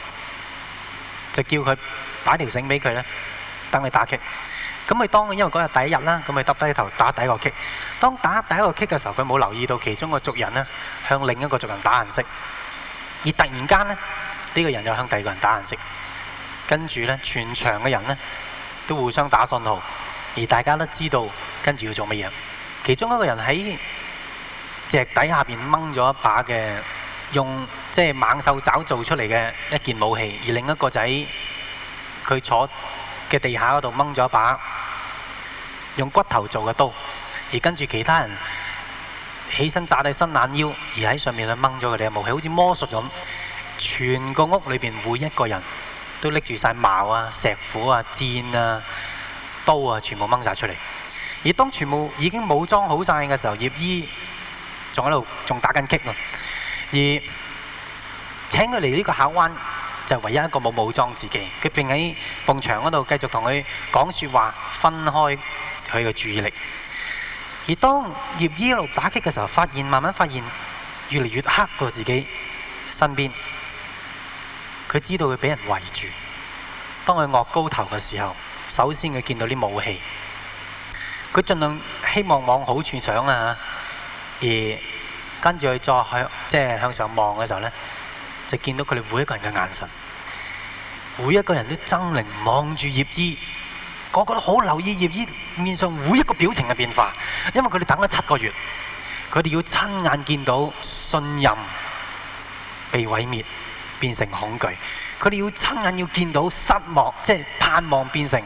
就叫佢擺條繩俾佢呢，等你打棘。咁佢當因為嗰日第一日啦，咁佢耷低頭打第一個 kick。當打第一個 kick 嘅時候，佢冇留意到其中個族人呢向另一個族人打眼色。而突然間呢，呢、這個人又向第二個人打眼色，跟住呢，全場嘅人呢都互相打信號，而大家都知道跟住要做乜嘢。其中一個人喺石底下邊掹咗一把嘅用即係、就是、猛獸爪做出嚟嘅一件武器，而另一個仔、就、佢、是、坐。嘅地下嗰度掹咗一把用骨頭做嘅刀，而跟住其他人起身炸底伸懶腰，而喺上面咧掹咗佢哋嘅武器，好似魔術咁。全個屋裏邊每一個人都拎住晒矛啊、石斧啊、箭啊、刀啊，全部掹晒出嚟。而當全部已經武裝好晒嘅時候，葉衣仲喺度仲打緊擊啊。而請佢嚟呢個海關。就唯一一個冇武裝自己，佢並喺埲牆嗰度繼續同佢講説話，分開佢嘅注意力。而當葉依一路打擊嘅時候，發現慢慢發現越嚟越黑過自己身邊，佢知道佢俾人圍住。當佢惡高頭嘅時候，首先佢見到啲武器，佢儘量希望往好處想啊。而跟住佢再向即係向上望嘅時候呢。就見到佢哋每一個人嘅眼神，每一個人都猙獰望住葉姨，個個都好留意葉姨面上每一個表情嘅變化，因為佢哋等咗七個月，佢哋要親眼見到信任被毀滅變成恐懼，佢哋要親眼要見到失望，即係盼望變成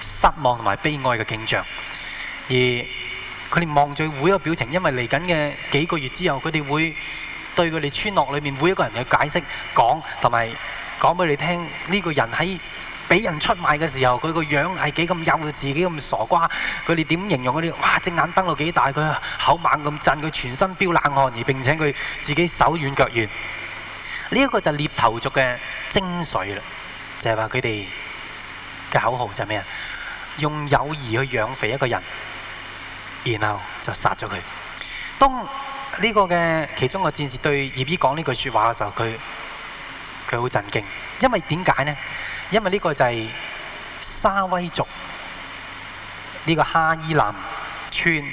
失望同埋悲哀嘅景象，而佢哋望住每一個表情，因為嚟緊嘅幾個月之後，佢哋會。對佢哋村落裏面每一個人嘅解釋講，同埋講俾你聽，呢個人喺俾人出賣嘅時候，佢個樣係幾咁醜，佢自己咁傻瓜。佢哋點形容嗰啲？哇！隻眼瞪到幾大，佢口猛咁震，佢全身飆冷汗，而並且佢自己手軟腳軟。呢一個就獵頭族嘅精髓啦，就係話佢哋嘅口號就係咩啊？用友誼去養肥一個人，然後就殺咗佢。咚！呢個嘅其中個戰士對葉姨講呢句説話嘅時候，佢佢好震驚，因為點解呢？因為呢個就係沙威族呢個哈伊南村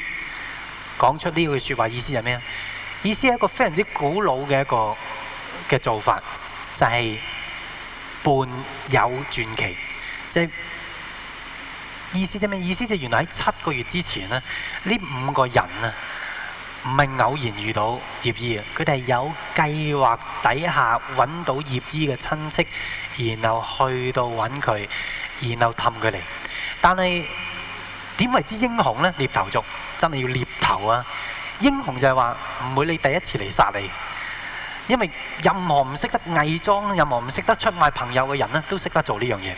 講出呢句説話，意思係咩？意思係一個非常之古老嘅一個嘅做法，就係伴有傳奇。即係意思係咩？意思就原來喺七個月之前呢，呢五個人啊。唔係偶然遇到葉姨，佢哋係有計劃底下揾到葉姨嘅親戚，然後去到揾佢，然後氹佢嚟。但係點為之英雄呢？獵頭族真係要獵頭啊！英雄就係話唔會你第一次嚟殺你，因為任何唔識得偽裝、任何唔識得出賣朋友嘅人咧，都識得做呢樣嘢。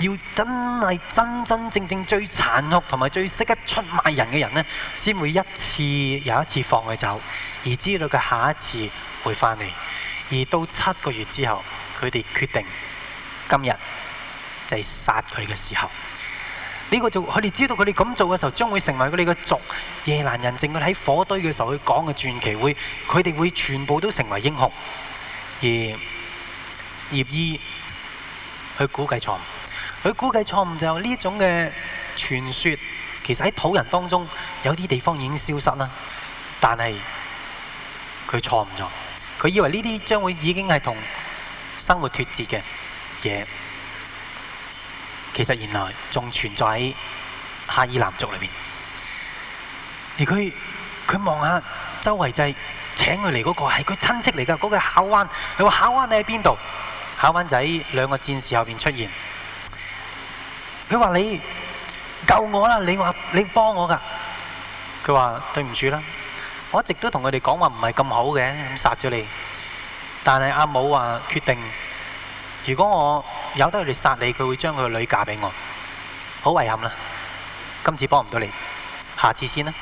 要真係真真正正最殘酷同埋最識得出賣人嘅人呢，先會一次又一次放佢走，而知道佢下一次會翻嚟。而到七個月之後，佢哋決定今日就係殺佢嘅時候。呢個就佢哋知道佢哋咁做嘅時候，將會成為佢哋嘅族。夜闌人靜，佢喺火堆嘅時候佢講嘅傳奇，會佢哋會全部都成為英雄。而葉伊佢估計錯誤。佢估計錯誤就係呢種嘅傳說，其實喺土人當中有啲地方已經消失啦。但係佢錯誤咗，佢以為呢啲將會已經係同生活脫節嘅嘢，其實原來仲存在喺哈爾南族裏邊。而佢佢，望下周圍，就係請佢嚟嗰個係佢親戚嚟㗎，嗰、嗰個考灣。佢話：考灣你喺邊度？考灣仔兩個戰士後面出現。佢話你救我啦！你話你幫我噶。佢話對唔住啦，我一直都同佢哋講話唔係咁好嘅，咁殺咗你。但係阿母話決定，如果我由得佢哋殺你，佢會將佢個女嫁俾我。好遺憾啦，今次幫唔到你，下次先啦。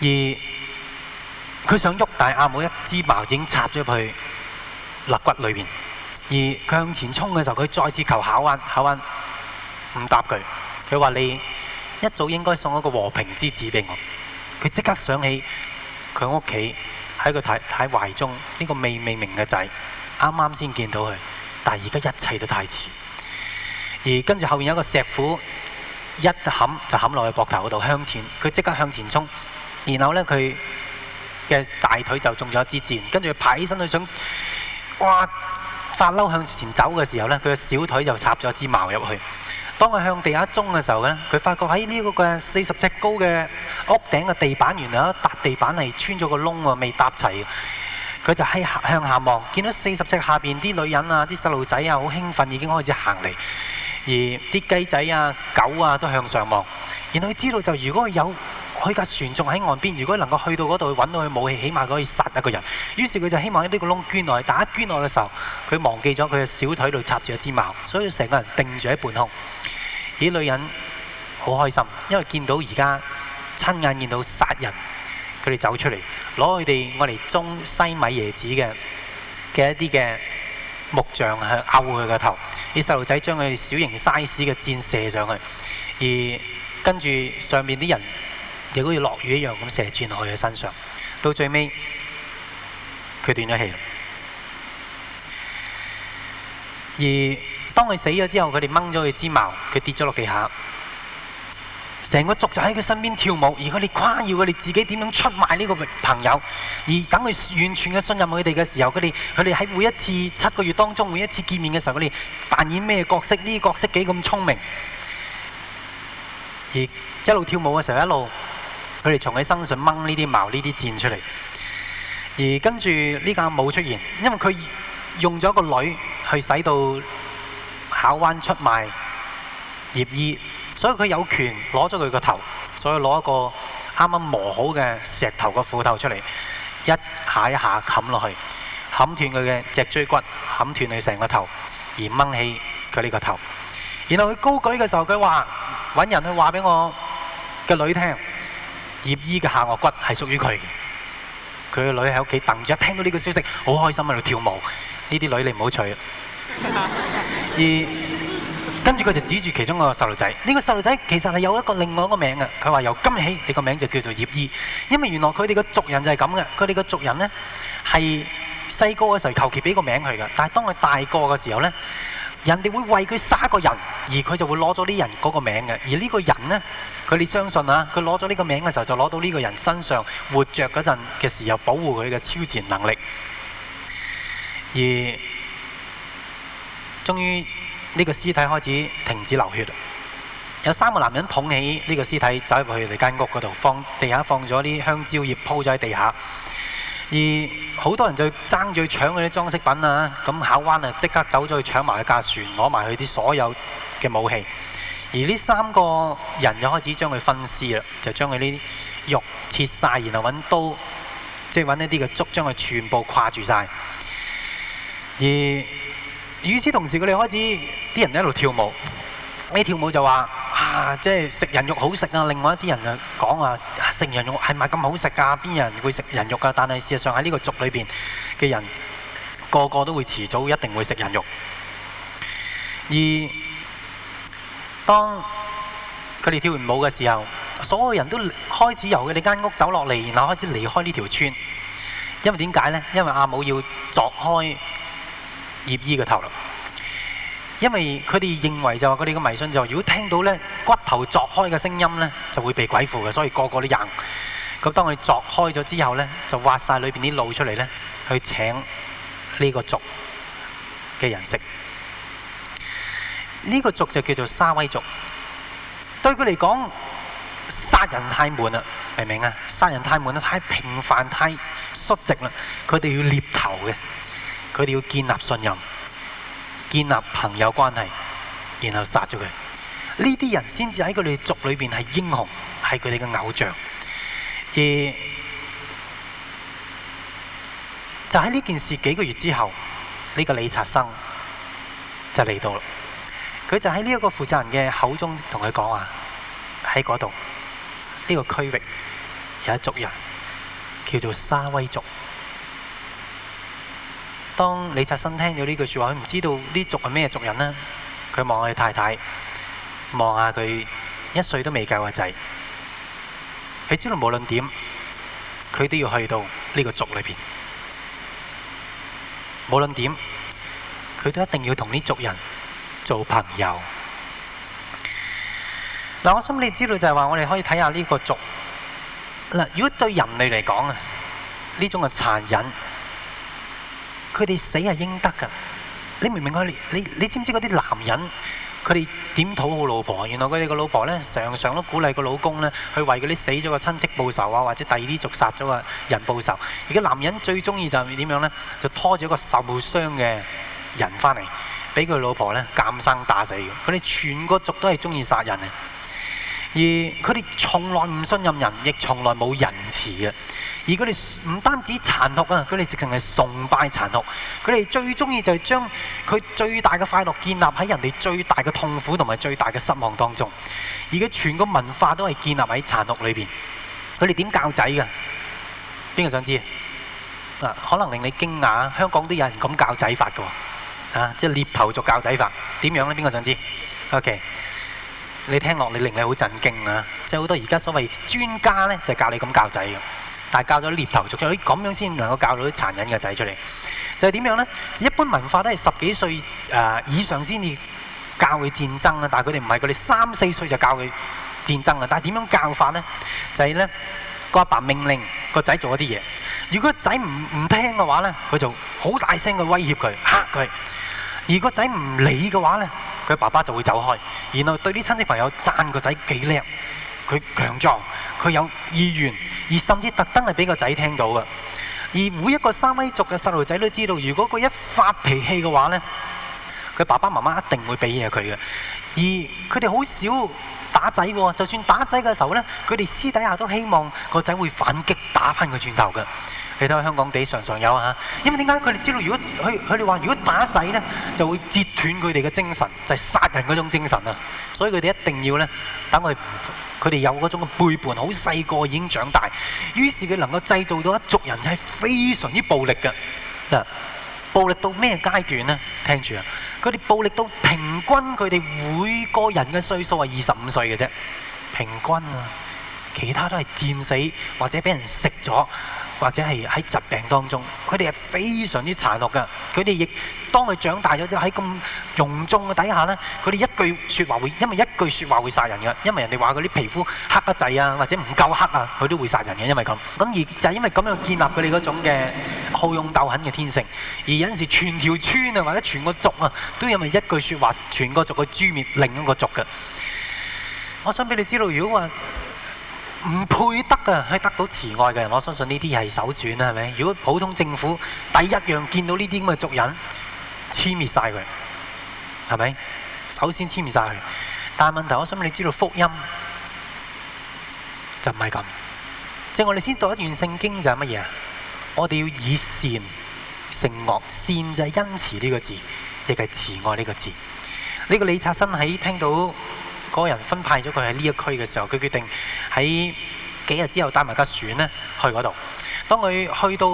而佢想喐，但係阿母一支矛已經插咗入去肋骨裏邊。而佢向前衝嘅時候，佢再次求考問，考問唔答佢。佢話：你一早應該送一個和平之子俾我。佢即刻想起佢屋企喺佢太太懷中呢、呢個未未明嘅仔，啱啱先見到佢，但係而家一切都太遲。而跟住後面有一個石斧一冚就冚落去膊頭嗰度向前，佢即刻向前衝，然後呢，佢嘅大腿就中咗一支箭，跟住佢爬起身去想，哇！發嬲向前走嘅時候呢，佢嘅小腿就插咗支矛入去。當佢向地下衝嘅時候呢，佢發覺喺呢個嘅四十尺高嘅屋頂嘅地板，原來一笪地板係穿咗個窿喎，未搭齊。佢就喺向下望，見到四十尺下邊啲女人啊、啲細路仔啊，好興奮，已經開始行嚟。而啲雞仔啊、狗啊都向上望。然後佢知道就如果有。佢架船仲喺岸邊，如果能夠去到嗰度揾到佢武器，起碼可以殺一個人。於是佢就希望呢個窿捐落去，但一捐落嘅時候，佢忘記咗佢嘅小腿度插住一支矛，所以成個人定住喺半空。啲女人好開心，因為見到而家親眼見到殺人，佢哋走出嚟攞佢哋我哋中西米椰子嘅嘅一啲嘅木像去拗佢個頭，啲細路仔將佢哋小型 size 嘅箭射上去，而跟住上面啲人。亦好似落雨一樣咁射轉落佢嘅身上，到最尾佢斷咗氣。而當佢死咗之後，佢哋掹咗佢支矛，佢跌咗落地下，成個族就喺佢身邊跳舞。而佢哋誇耀佢哋自己點樣出賣呢個朋友？而等佢完全嘅信任佢哋嘅時候，佢哋佢哋喺每一次七個月當中，每一次見面嘅時候，佢哋扮演咩角色？呢角色幾咁聰明？而一路跳舞嘅時候，一路。佢哋從佢身上掹呢啲矛、呢啲箭出嚟，而跟住呢架冇出現，因為佢用咗個女去使到考灣出賣葉衣，所以佢有權攞咗佢個頭，所以攞一個啱啱磨好嘅石頭嘅斧頭出嚟，一下一下冚落去，冚斷佢嘅脊椎骨，冚斷佢成個頭，而掹起佢呢個頭。然後佢高舉嘅時候，佢話揾人去話俾我個女聽。葉伊嘅下顎骨係屬於佢嘅，佢嘅女喺屋企等住，一聽到呢個消息好開心喺度跳舞。呢啲女你唔好除。而跟住佢就指住其中一個細路仔，呢個細路仔其實係有一個另外一個名嘅。佢話由今日起，你個名就叫做葉伊，因為原來佢哋個族人就係咁嘅。佢哋個族人呢，係細個嘅時候求其俾個名佢嘅，但係當佢大個嘅時候呢，人哋會為佢殺個人，而佢就會攞咗啲人嗰個名嘅。而呢個人呢。佢哋相信啊，佢攞咗呢個名嘅時候，就攞到呢個人身上活著嗰陣嘅時候保護佢嘅超前能力。而終於呢個屍體開始停止流血啦。有三個男人捧起呢個屍體走入去佢間屋嗰度，放地下，放咗啲香蕉葉鋪咗喺地下。而好多人就爭住搶嗰啲裝飾品啊，咁考灣啊，即刻走咗去搶埋架船，攞埋佢啲所有嘅武器。而呢三個人就開始將佢分屍啦，就將佢呢啲肉切晒，然後揾刀，即係揾一啲嘅竹將佢全部跨住晒。而與此同時，佢哋開始啲人喺度跳舞，咩跳舞就話啊，即係食人肉好食啊！另外一啲人就講啊，食人肉係咪咁好食啊？邊有人會食人肉啊？」但係事實上喺呢個族裏邊嘅人個個都會遲早一定會食人肉。而當佢哋跳完舞嘅時候，所有人都開始由佢哋間屋走落嚟，然後開始離開呢條村。因為點解呢？因為阿武要鑿開葉衣嘅頭啦。因為佢哋認為就話，佢哋嘅迷信就係，如果聽到呢骨頭鑿開嘅聲音呢，就會被鬼附嘅，所以個個都行。咁當佢鑿開咗之後呢，就挖晒裏邊啲腦出嚟呢，去請呢個族嘅人食。呢個族就叫做沙威族對他們說。對佢嚟講，殺人太悶啦，明唔明啊？殺人太悶啦，太平凡太率直啦。佢哋要獵頭嘅，佢哋要建立信任，建立朋友關係，然後殺咗佢。呢啲人先至喺佢哋族裏邊係英雄，係佢哋嘅偶像。而就喺呢件事幾個月之後，呢個李察生就嚟到啦。佢就喺呢一個負責人嘅口中同佢講話：喺嗰度呢個區域有一族人叫做沙威族。當李察生聽到呢句説話，佢唔知道呢族係咩族人呢，佢望下佢太太，望下佢一歲都未夠嘅仔。佢知道無論點，佢都要去到呢個族裏邊。無論點，佢都一定要同呢族人做朋友嗱，我想你知道就係話，我哋可以睇下呢個族嗱。如果對人類嚟講啊，呢種嘅殘忍，佢哋死係應得噶。你明唔明啊？你你你知唔知嗰啲男人，佢哋點討好老婆？原來佢哋個老婆咧，常常都鼓勵個老公咧，去為嗰啲死咗個親戚報仇啊，或者第二啲族殺咗個人報仇。而家男人最中意就係點樣咧？就拖住一個受傷嘅人翻嚟，俾佢老婆咧，鑑生打死嘅。佢哋全個族都係中意殺人啊！而佢哋從來唔信任人，亦從來冇仁慈啊！而佢哋唔單止殘酷啊，佢哋直情係崇拜殘酷。佢哋最中意就係將佢最大嘅快樂建立喺人哋最大嘅痛苦同埋最大嘅失望當中。而佢全個文化都係建立喺殘酷裏邊。佢哋點教仔㗎？邊個想知啊？可能令你驚訝，香港都有人咁教仔法㗎喎。嚇、啊！即係獵頭族教仔法點樣咧？邊個想知？OK，你聽落你令你好震驚啊！即係好多而家所謂專家咧，就係、教你咁教仔嘅，但係教咗獵頭族，所以咁樣先能夠教到啲殘忍嘅仔出嚟。就係、係、點樣咧？一般文化都係十幾歲誒以上先至教佢戰爭啊，但係佢哋唔係，佢哋三四歲就教佢戰爭啊。但係點樣教法咧？就係咧個阿爸命令個仔做一啲嘢，如果仔唔唔聽嘅話咧，佢就好大聲去威脅佢嚇佢。而如果仔唔理嘅話呢，佢爸爸就會走開，然後對啲親戚朋友讚個仔幾叻、佢強壯、佢有意願，而甚至特登係俾個仔聽到嘅。而每一個三米族嘅細路仔都知道，如果佢一發脾氣嘅話呢，佢爸爸媽媽一定會俾嘢佢嘅。而佢哋好少打仔喎，就算打仔嘅時候呢，佢哋私底下都希望個仔會反擊打返佢轉頭嘅。你睇下香港地，常常有啊！因為點解？佢哋知道，如果佢佢哋話如果打仔呢，就會截斷佢哋嘅精神，就係殺人嗰種精神啊！所以佢哋一定要呢，等佢佢哋有嗰種背叛，好細個已經長大，於是佢能夠製造到一族人係非常之暴力嘅。暴力到咩階段呢？聽住啊！佢哋暴力到平均，佢哋每個人嘅歲數係二十五歲嘅啫，平均啊！其他都係戰死或者俾人食咗。或者係喺疾病當中，佢哋係非常之殘酷噶。佢哋亦當佢長大咗之後喺咁濃重嘅底下呢，佢哋一句説話會，因為一句説話會殺人噶。因為人哋話佢啲皮膚黑得滯啊，或者唔夠黑啊，佢都會殺人嘅。因為咁，咁而就係因為咁樣建立佢哋嗰種嘅好勇鬥狠嘅天性，而有陣時全條村啊，或者全個族啊，都因為一句説話，全個族嘅誅滅另一個族嘅。我想俾你知道，如果話。唔配得啊！係得到慈愛嘅人，我相信呢啲係手轉啦，係咪？如果普通政府第一樣見到呢啲咁嘅族人，殲滅晒佢，係咪？首先殲滅晒佢。但係問題，我想問你知道福音就唔係咁。即係我哋先讀一段聖經就係乜嘢啊？我哋要以善勝惡，善就係恩慈呢個字，亦係慈愛呢個字。呢、這個李察生喺聽到。嗰、那個人分派咗佢喺呢一區嘅時候，佢決定喺幾日之後帶埋架船咧去嗰度。當佢去到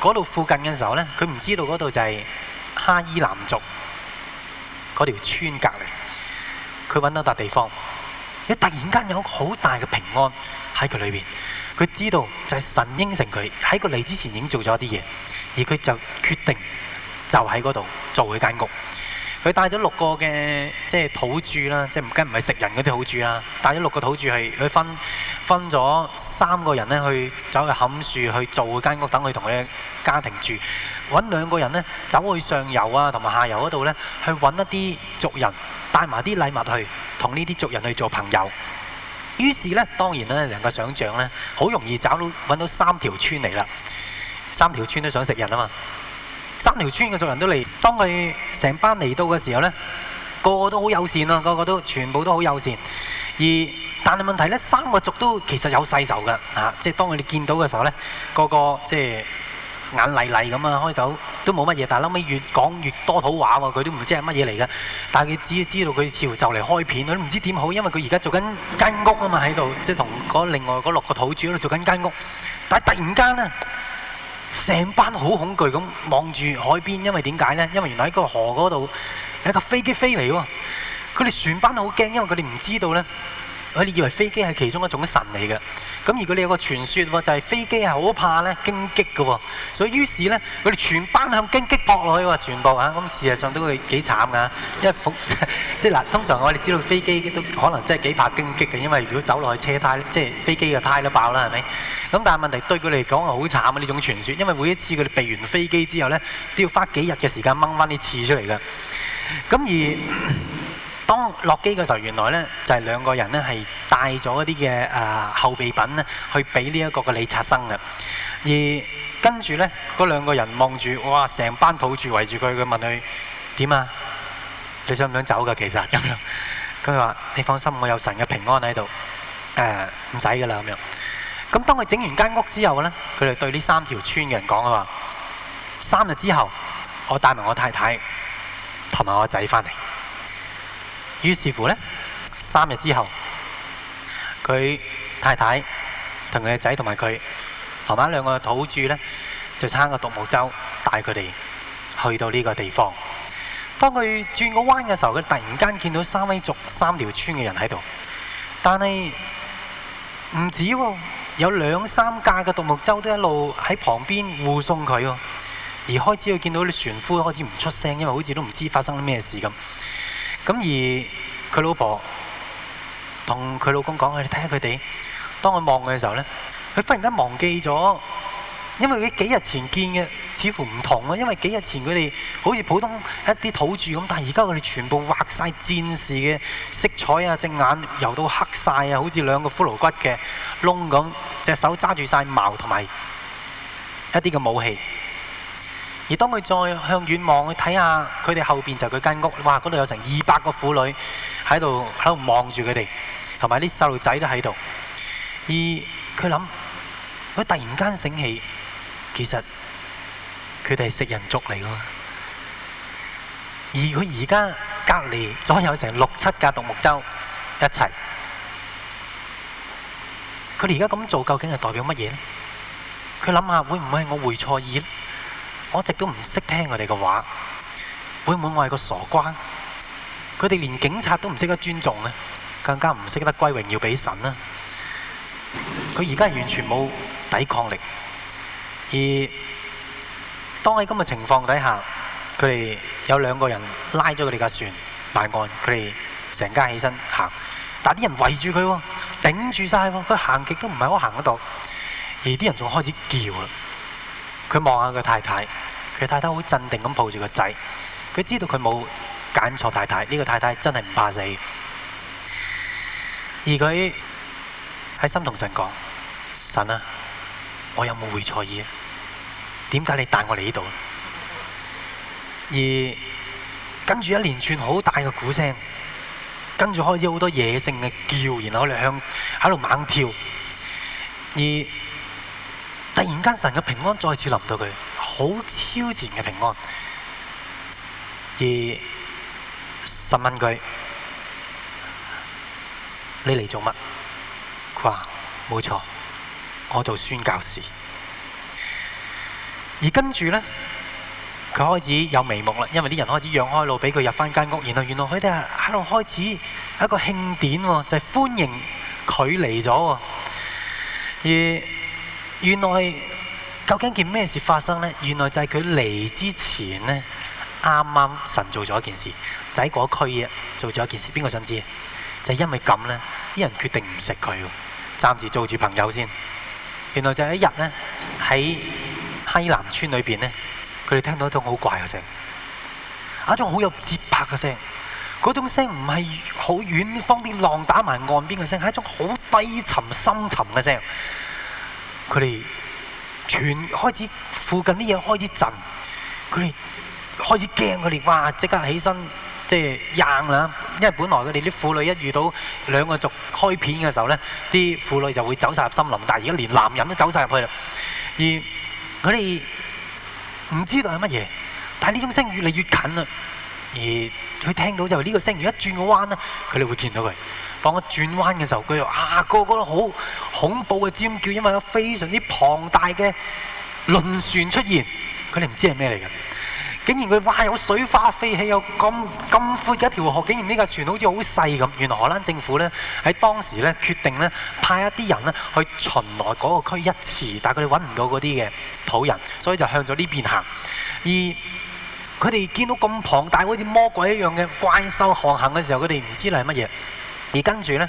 嗰度附近嘅時候咧，佢唔知道嗰度就係哈伊南族嗰條村隔離。佢揾到笪地方，一突然間有好大嘅平安喺佢裏邊。佢知道就係神應承佢喺佢嚟之前已經做咗啲嘢，而佢就決定就喺嗰度做佢間屋。佢帶咗六個嘅即係土著啦，即係唔緊唔係食人嗰啲土著啊。帶咗六個土著係佢分分咗三個人呢去走去砍樹去做間屋，等佢同佢家庭住。揾兩個人呢走去上游啊，同埋下游嗰度呢，去揾一啲族人，帶埋啲禮物去同呢啲族人去做朋友。於是呢，當然呢，人嘅想像呢，好容易找到揾到三條村嚟啦。三條村都想食人啊嘛！三條村嘅族人都嚟，當佢成班嚟到嘅時候呢，個個都好友善啊！個個都全部都好友善。而但係問題呢，三個族都其實有世仇㗎，啊！即係當佢哋見到嘅時候呢，個個即係眼厲厲咁啊，開口都冇乜嘢。但係後尾越講越多土話喎，佢都唔知係乜嘢嚟嘅。但係佢只知道佢似乎就嚟開片，佢都唔知點好，因為佢而家做緊間屋啊嘛，喺度即係同嗰另外嗰六個土主喺度做緊間屋。但係突然間呢。成班好恐懼咁望住海邊，因為點解呢？因為原來喺個河嗰度有一架飛機飛嚟喎，佢哋全班都好驚，因為佢哋唔知道呢。佢以為飛機係其中一種神嚟嘅，咁如果你有個傳説就係、是、飛機係好怕咧荊棘嘅喎，所以於是呢，佢哋全班向荊棘撲落去喎，全部啊，咁事實上都會幾慘噶，因為即係嗱、啊，通常我哋知道飛機都可能真係幾怕荊棘嘅，因為如果走落去車胎即係飛機嘅胎都爆啦，係咪？咁但係問題對佢嚟講係好慘呀，呢種傳説，因為每一次佢哋避完飛機之後呢，都要花幾日嘅時間掹翻啲刺出嚟嘅，咁而。 當落機嘅時候，原來呢就係、是、兩個人呢係帶咗一啲嘅誒後備品咧，去俾呢一個嘅理察生嘅。而跟住呢，嗰兩個人望住，哇！成班土著圍住佢，佢問佢點啊？你想唔想走噶？其實咁樣，佢話：你放心，我有神嘅平安喺度。誒、呃，唔使噶啦咁樣。咁當佢整完間屋之後呢，佢哋對呢三條村嘅人講：佢話三日之後，我帶埋我太太同埋我仔返嚟。於是乎呢，三日之後，佢太太同佢嘅仔同埋佢頭晚兩個土著呢，就撐個獨木舟帶佢哋去到呢個地方。當佢轉個彎嘅時候，佢突然間見到三位族、三條村嘅人喺度，但係唔止有兩三架嘅獨木舟都一路喺旁邊護送佢喎。而開始佢見到啲船夫開始唔出聲，因為好似都唔知發生咩事咁。咁而佢老婆同佢老公講：你睇下佢哋，當佢望嘅時候呢，佢忽然間忘記咗，因為佢幾日前見嘅似乎唔同啊，因為幾日前佢哋好似普通一啲土著咁，但係而家佢哋全部畫晒戰士嘅色彩啊，隻眼油到黑晒啊，好似兩個骷髏骨嘅窿咁，隻手揸住晒矛同埋一啲嘅武器。而當佢再向遠望，去睇下佢哋後邊就係佢間屋，哇！嗰度有成二百個婦女喺度喺度望住佢哋，同埋啲細路仔都喺度。而佢諗，佢突然間醒起，其實佢哋係食人族嚟㗎嘛。而佢而家隔離左右成六七架獨木舟一齊，佢哋而家咁做究竟係代表乜嘢咧？佢諗下，會唔會係我回錯意？我一直都唔識聽佢哋嘅話，會唔會我係個傻瓜？佢哋連警察都唔識得尊重呢，更加唔識得歸榮要俾神啦。佢而家完全冇抵抗力，而當喺咁嘅情況底下，佢哋有兩個人拉咗佢哋架船埋岸，佢哋成家起身行，但啲人圍住佢喎，頂住晒喎，佢行極都唔係好行得到。而啲人仲開始叫啦。佢望下佢太太，佢太太好鎮定咁抱住個仔，佢知道佢冇揀錯太太。呢、這個太太真係唔怕死，而佢喺心同神講：神啊，我有冇會錯意？點解你帶我嚟呢度？而跟住一連串好大嘅鼓聲，跟住開始好多野性嘅叫，然後我哋向喺度猛跳，而。突然間，神嘅平安再次臨到佢，好超前嘅平安。而神問佢，你嚟做乜？佢話：冇錯，我做宣教士。而跟住呢，佢開始有眉目啦，因為啲人開始讓開路俾佢入翻間屋。然後，原來佢哋喺度開始一個慶典喎，就係、是、歡迎佢嚟咗。而原來究竟件咩事發生呢？原來就係佢嚟之前呢，啱啱神做咗一件事，就喺嗰區啊，做咗一件事。邊個想知？就係因為咁呢，啲人決定唔食佢，暫時做住朋友先。原來就係一日呢，喺西南村裏邊呢，佢哋聽到一種好怪嘅聲，一種好有節拍嘅聲。嗰種聲唔係好遠方啲浪打埋岸邊嘅聲，係一種好低沉深沉嘅聲。佢哋全開始附近啲嘢開始震，佢哋開始驚，佢哋哇即刻起身，即係掟啦。因為本來佢哋啲婦女一遇到兩個族開片嘅時候咧，啲婦女就會走晒入森林，但係而家連男人都走晒入去啦。而佢哋唔知道係乜嘢，但係呢種聲越嚟越近啦。而佢聽到就係呢個聲，而一轉個彎咧，佢哋會見到佢。當我轉彎嘅時候，佢又啊個個都好恐怖嘅尖叫，因為有非常之龐大嘅輪船出現，佢哋唔知係咩嚟嘅？竟然佢哇有水花飛起，有咁咁闊一條河，竟然呢架船好似好細咁。原來荷蘭政府呢，喺當時呢決定呢派一啲人呢去巡邏嗰個區一次，但係佢哋揾唔到嗰啲嘅土人，所以就向咗呢邊行。而佢哋見到咁龐大好似魔鬼一樣嘅怪獸航行嘅時候，佢哋唔知嚟係乜嘢。而跟住呢，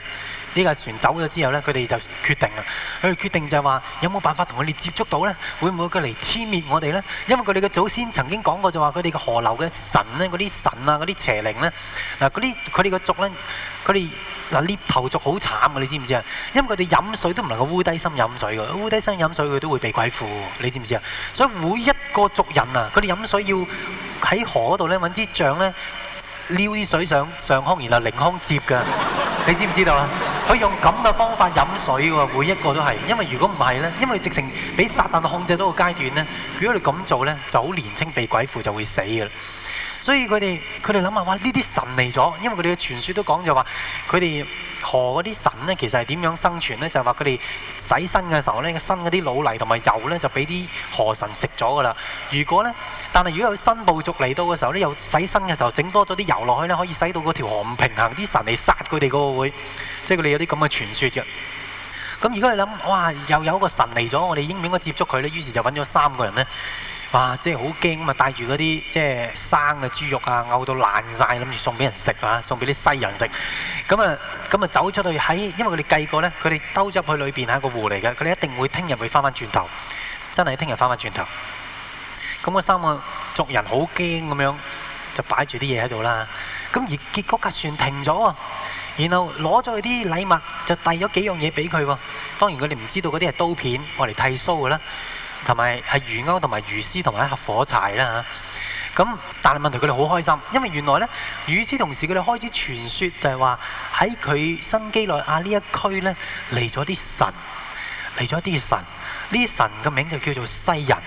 呢架船走咗之後呢，佢哋就決定啦。佢哋決定就係話：有冇辦法同佢哋接觸到呢？會唔會佢嚟殲滅我哋呢？因為佢哋嘅祖先曾經講過就話：佢哋嘅河流嘅神咧，嗰啲神啊，嗰啲邪靈呢、嗱嗰啲佢哋嘅族呢，佢哋嗱獵頭族好慘啊，你知唔知啊？因為佢哋飲水都唔能夠烏低心飲水嘅，烏低心飲水佢都會被鬼附，你知唔知啊？所以每一個族人啊，佢哋飲水要喺河嗰度咧揾支杖呢。撩啲水上上空，然後凌空接㗎。你知唔知道啊？佢用咁嘅方法飲水喎，每一個都係。因為如果唔係呢，因為佢直情俾撒旦控制到個階段呢，佢喺度咁做呢，就好年青被鬼附就會死㗎喇。所以佢哋佢哋諗下話，呢啲神嚟咗，因為佢哋嘅傳説都講就話佢哋河嗰啲神呢，其實係點樣生存呢？就話佢哋洗身嘅時候呢，個身嗰啲老泥同埋油呢，就俾啲河神食咗噶啦。如果呢，但係如果有新部族嚟到嘅時候呢，又洗身嘅時候整多咗啲油落去呢，可以使到嗰條河唔平衡，啲神嚟殺佢哋嗰個會，即係佢哋有啲咁嘅傳説嘅。咁如果你諗，哇！又有一個神嚟咗，我哋應唔應該接觸佢呢？於是就揾咗三個人呢。哇！即係好驚咁啊，帶住嗰啲即係生嘅豬肉啊，嘔到爛晒，諗住送俾人食啊，送俾啲西人食。咁啊，咁啊，走出去喺，因為佢哋計過呢，佢哋兜入去裏邊係個湖嚟嘅，佢哋一定會聽日會翻翻轉頭。真係聽日翻翻轉頭。咁個三個族人好驚咁樣，就擺住啲嘢喺度啦。咁而結果架船停咗，然後攞咗佢啲禮物，就遞咗幾樣嘢俾佢喎。當然佢哋唔知道嗰啲係刀片，我嚟剃鬚㗎啦。同埋係魚鈎，同埋魚絲，同埋一盒火柴啦。咁但係問題，佢哋好開心，因為原來呢，與此同時，佢哋開始傳説就係話喺佢新幾內亞呢一區呢，嚟咗啲神，嚟咗啲神。呢啲神嘅名就叫做西人，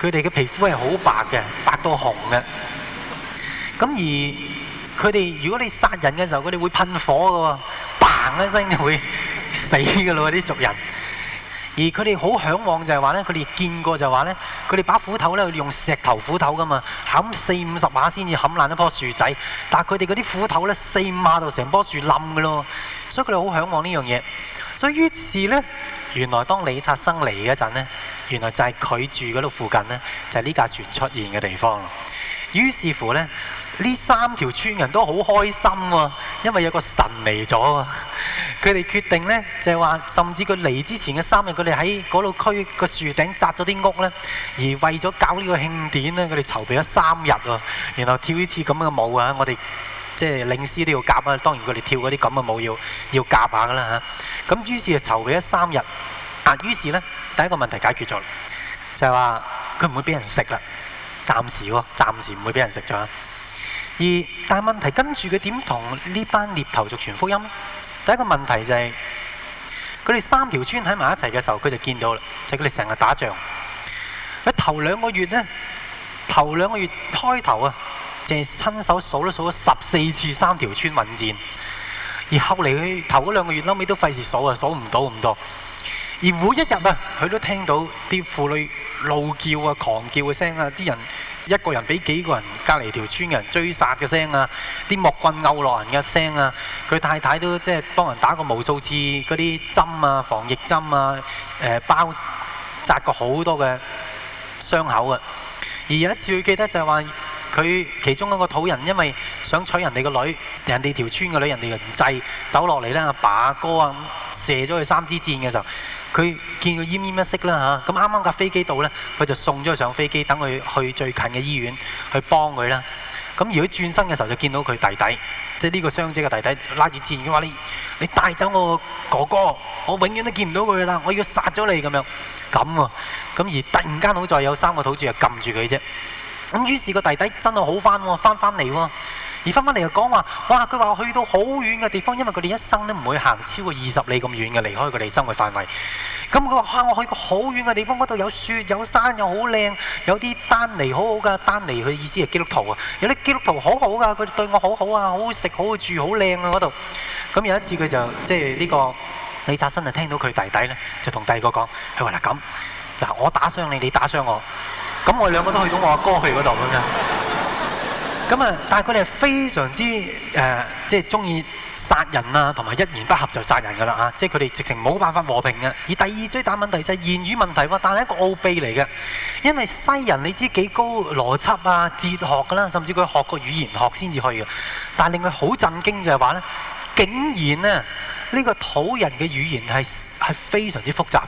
佢哋嘅皮膚係好白嘅，白到紅嘅。咁而佢哋，如果你殺人嘅時候，佢哋會噴火嘅喎，嘭一聲就會死嘅咯，啲族人。而佢哋好向往就係話呢，佢哋見過就係話呢，佢哋把斧頭呢，用石頭斧頭噶嘛，砍四五十下先至砍爛一棵樹仔，但係佢哋嗰啲斧頭呢，四五下就成棵樹冧噶咯，所以佢哋好向往呢樣嘢。所以於是呢，原來當李察生嚟嘅陣呢，原來就係佢住嗰度附近呢，就係呢架船出現嘅地方。於是乎呢。呢三條村人都好開心喎、哦，因為有個神嚟咗喎。佢 哋決定呢，就係、是、話，甚至佢嚟之前嘅三日，佢哋喺嗰度區個樹頂紮咗啲屋呢，而為咗搞呢個慶典呢，佢哋籌備咗三日喎。然後跳一次咁嘅舞啊，我哋即係領師都要夾啊。當然佢哋跳嗰啲咁嘅舞要要夾下噶啦嚇。咁於是就籌備咗三日，但、啊、於是呢，第一個問題解決咗，就係話佢唔會俾人食啦，暫時喎，暫時唔會俾人食咗。而但係問題跟住佢點同呢班獵頭族傳福音呢？第一個問題就係佢哋三條村喺埋一齊嘅時候，佢就見到啦，就係佢哋成日打仗。喺頭兩個月呢，頭兩個月開頭啊，淨係親手數都數咗十四次三條村混戰。而後嚟佢頭嗰兩個月，後尾都費事數啊，數唔到咁多。而每一日啊，佢都聽到啲婦女怒叫啊、狂叫嘅聲啊，啲人。一個人俾幾個人隔離條村嘅人追殺嘅聲啊！啲木棍拗落人嘅聲啊！佢太太都即係幫人打過無數次嗰啲針啊、防疫針啊、誒包紮過好多嘅傷口啊！而有一次，佢記得就係話佢其中一個土人，因為想娶人哋個女，人哋條村嘅女，人哋人唔制，走落嚟咧，阿爸哥啊，射咗佢三支箭嘅時候。佢見佢奄奄一息啦嚇，咁啱啱架飛機到呢，佢就送咗佢上飛機，等佢去最近嘅醫院去幫佢啦。咁如果轉身嘅時候就見到佢弟弟，即係呢個傷者嘅弟弟拉住箭嘅話，你，你帶走我哥哥，我永遠都見唔到佢啦，我要殺咗你咁樣咁喎。咁、啊、而突然間好在有三個土著就撳住佢啫。咁於是個弟弟真係好翻喎、哦，翻翻嚟喎。而返返嚟又講話，哇！佢話去到好遠嘅地方，因為佢哋一生都唔會行超過二十里咁遠嘅，離開佢哋生活範圍。咁佢話：哇！我去個好遠嘅地方，嗰度有雪、有山，又好靚，有啲丹尼好好㗎，丹尼佢意思係基督徒啊，有啲基督徒好好㗎，佢對我好好啊，好好食、好好住、好靚啊嗰度。咁有一次佢就即係呢、這個李澤新就聽到佢弟弟咧，就同第二個講：佢話嗱咁，嗱我打傷你，你打傷我，咁我兩個都去到我阿哥去嗰度咁樣。 咁啊，但係佢哋係非常之誒、呃，即係中意殺人啊，同埋一言不合就殺人噶啦嚇！即係佢哋直情冇辦法和平嘅。而第二，最大但問題就係言語問題喎。但係一個奧秘嚟嘅，因為西人你知幾高邏輯啊、哲學㗎啦，甚至佢學個語言學先至可以嘅。但係令佢好震驚就係話呢，竟然咧呢、呢個土人嘅語言係係非常之複雜。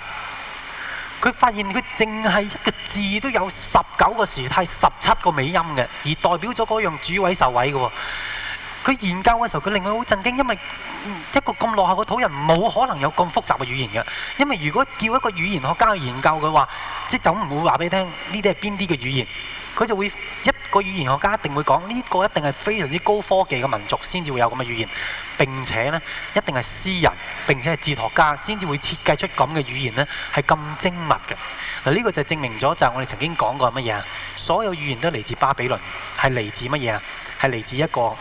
佢發現佢淨係一個字都有十九個時態、十七個尾音嘅，而代表咗嗰樣主位受位嘅喎。佢研究嘅時候，佢令佢好震驚，因為一個咁落後嘅土人冇可能有咁複雜嘅語言嘅。因為如果叫一個語言學家去研究嘅話，即係就唔會話俾你聽呢啲係邊啲嘅語言。佢就會一個語言學家一定會講呢、這個一定係非常之高科技嘅民族先至會有咁嘅語言，並且呢，一定係詩人並且係哲學家先至會設計出咁嘅語言呢係咁精密嘅。嗱、這、呢個就證明咗就係我哋曾經講過係乜嘢啊？所有語言都嚟自巴比倫，係嚟自乜嘢啊？係嚟自一個。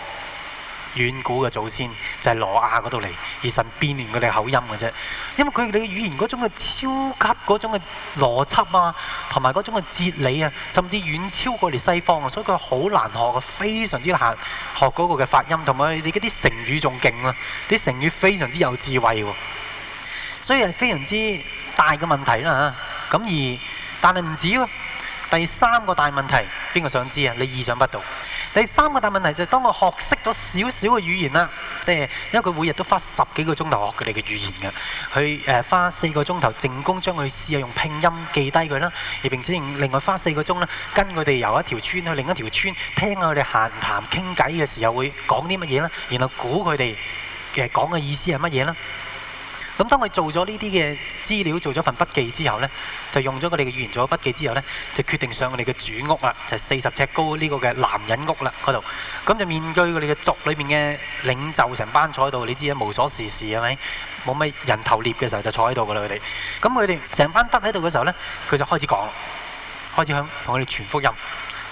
遠古嘅祖先就係挪亞嗰度嚟，而神變亂佢哋口音嘅啫。因為佢哋嘅語言嗰種嘅超級嗰種嘅邏輯啊，同埋嗰種嘅哲理啊，甚至遠超過嚟西方啊，所以佢好難學啊，非常之難學嗰個嘅發音，同埋你嗰啲成語仲勁啊，啲成語非常之有智慧喎。所以係非常之大嘅問題啦嚇。咁而但係唔止喎，第三個大問題邊個想知啊？你意想不到。第三個大問題就係當我學識咗少少嘅語言啦，即係因為佢每日都花十幾個鐘頭學佢哋嘅語言嘅，佢誒花四個鐘頭靜功將佢試下用拼音記低佢啦，而並且另外花四個鐘啦，跟佢哋由一條村去另一條村聽佢哋閒談傾偈嘅時候會講啲乜嘢啦，然後估佢哋嘅講嘅意思係乜嘢啦。咁當佢做咗呢啲嘅資料，做咗份筆記之後咧，就用咗佢哋嘅語言做咗筆記之後咧，就決定上佢哋嘅主屋啦，就四十尺高呢個嘅男人屋啦，嗰度。咁就面對佢哋嘅族裏面嘅領袖成班坐喺度，你知啊，無所事事係咪？冇咩人頭獵嘅時候就坐喺度噶啦，佢哋。咁佢哋成班得喺度嘅時候咧，佢就開始講，開始向向佢哋傳福音。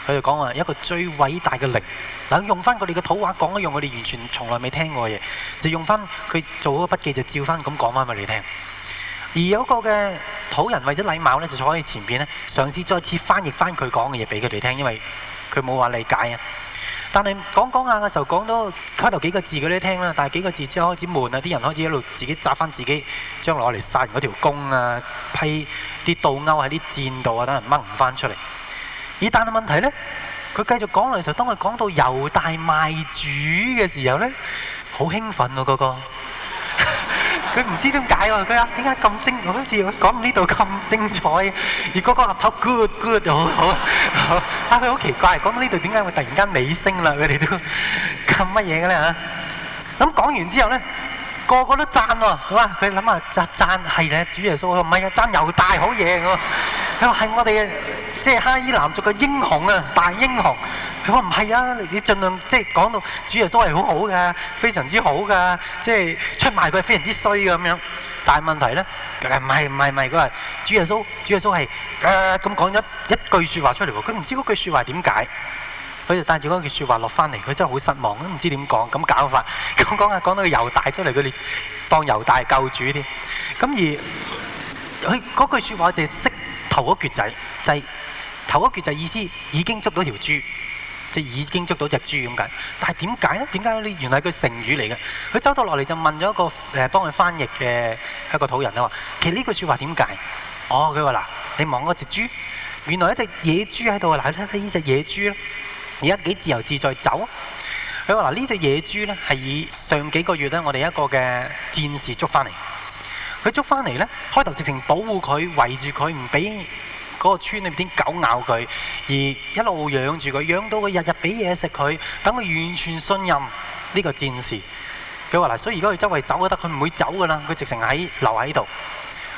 佢就講話一個最偉大嘅力，嗱用翻佢哋嘅土話講一樣，佢哋完全從來未聽過嘅嘢，就用翻佢做好個筆記，就照翻咁講翻俾你聽。而有一個嘅土人為咗禮貌呢，就坐喺前邊呢，嘗試再次翻譯翻佢講嘅嘢俾佢哋聽，因為佢冇話理解啊。但係講講下嘅時候，講到開頭幾個字佢都聽啦，但係幾個字之後開始悶啦，啲人們開始一路自己扎翻自己，將攞嚟殺完嗰條公啊，批啲倒鈎喺啲箭度啊，等人掹唔翻出嚟。咦？但係問題咧，佢繼續講嚟嘅時候，當佢講到猶大賣主嘅時候咧，好興奮喎！嗰個佢唔知點解喎，佢話點解咁精，好似講到呢度咁精彩，而嗰個鴨頭 good good 好好。啊，佢好奇怪，講到呢度點解會突然間尾聲啦？佢哋都咁乜嘢嘅咧嚇。咁講完之後咧，個個都讚喎，係嘛？佢諗下讚讚係咧，主耶穌，唔係啊，讚猶大好嘢，佢話係我哋。即係哈爾南族嘅英雄啊，大英雄。佢話唔係啊，你儘量即係講到主耶穌係好好嘅，非常之好嘅，即係出賣佢係非常之衰嘅咁樣。但係問題咧，唔係唔係唔係，佢話主耶穌，主耶穌係誒咁講咗一句説話出嚟喎。佢唔知嗰句説話點解，佢就帶住嗰句説話落翻嚟，佢真係好失望，都唔知點講，咁搞法。咁講下講到個猶大出嚟，佢哋當猶大救主添。咁而佢嗰句説話就識頭咗橛仔，就係。頭一橛就是意思已經捉到條豬，即係已經捉到一隻豬咁解。但係點解咧？點解咧？原來係句成語嚟嘅。佢走到落嚟就問咗一個誒幫佢翻譯嘅一個土人啦。其實呢句説話點解？哦，佢話嗱，你望嗰隻豬，原來一隻野豬喺度啊！你睇睇呢隻野豬咧，而家幾自由自在走。佢話嗱，呢隻野豬咧係以上幾個月咧，我哋一個嘅戰士捉翻嚟。佢捉翻嚟咧，開頭直情保護佢，圍住佢唔俾。嗰、那個村裏啲狗咬佢，而一路養住佢，養到佢日日俾嘢食佢，等佢完全信任呢個戰士。佢話嗱，所以如果佢周圍走都得，佢唔會走噶啦，佢直情喺留喺度。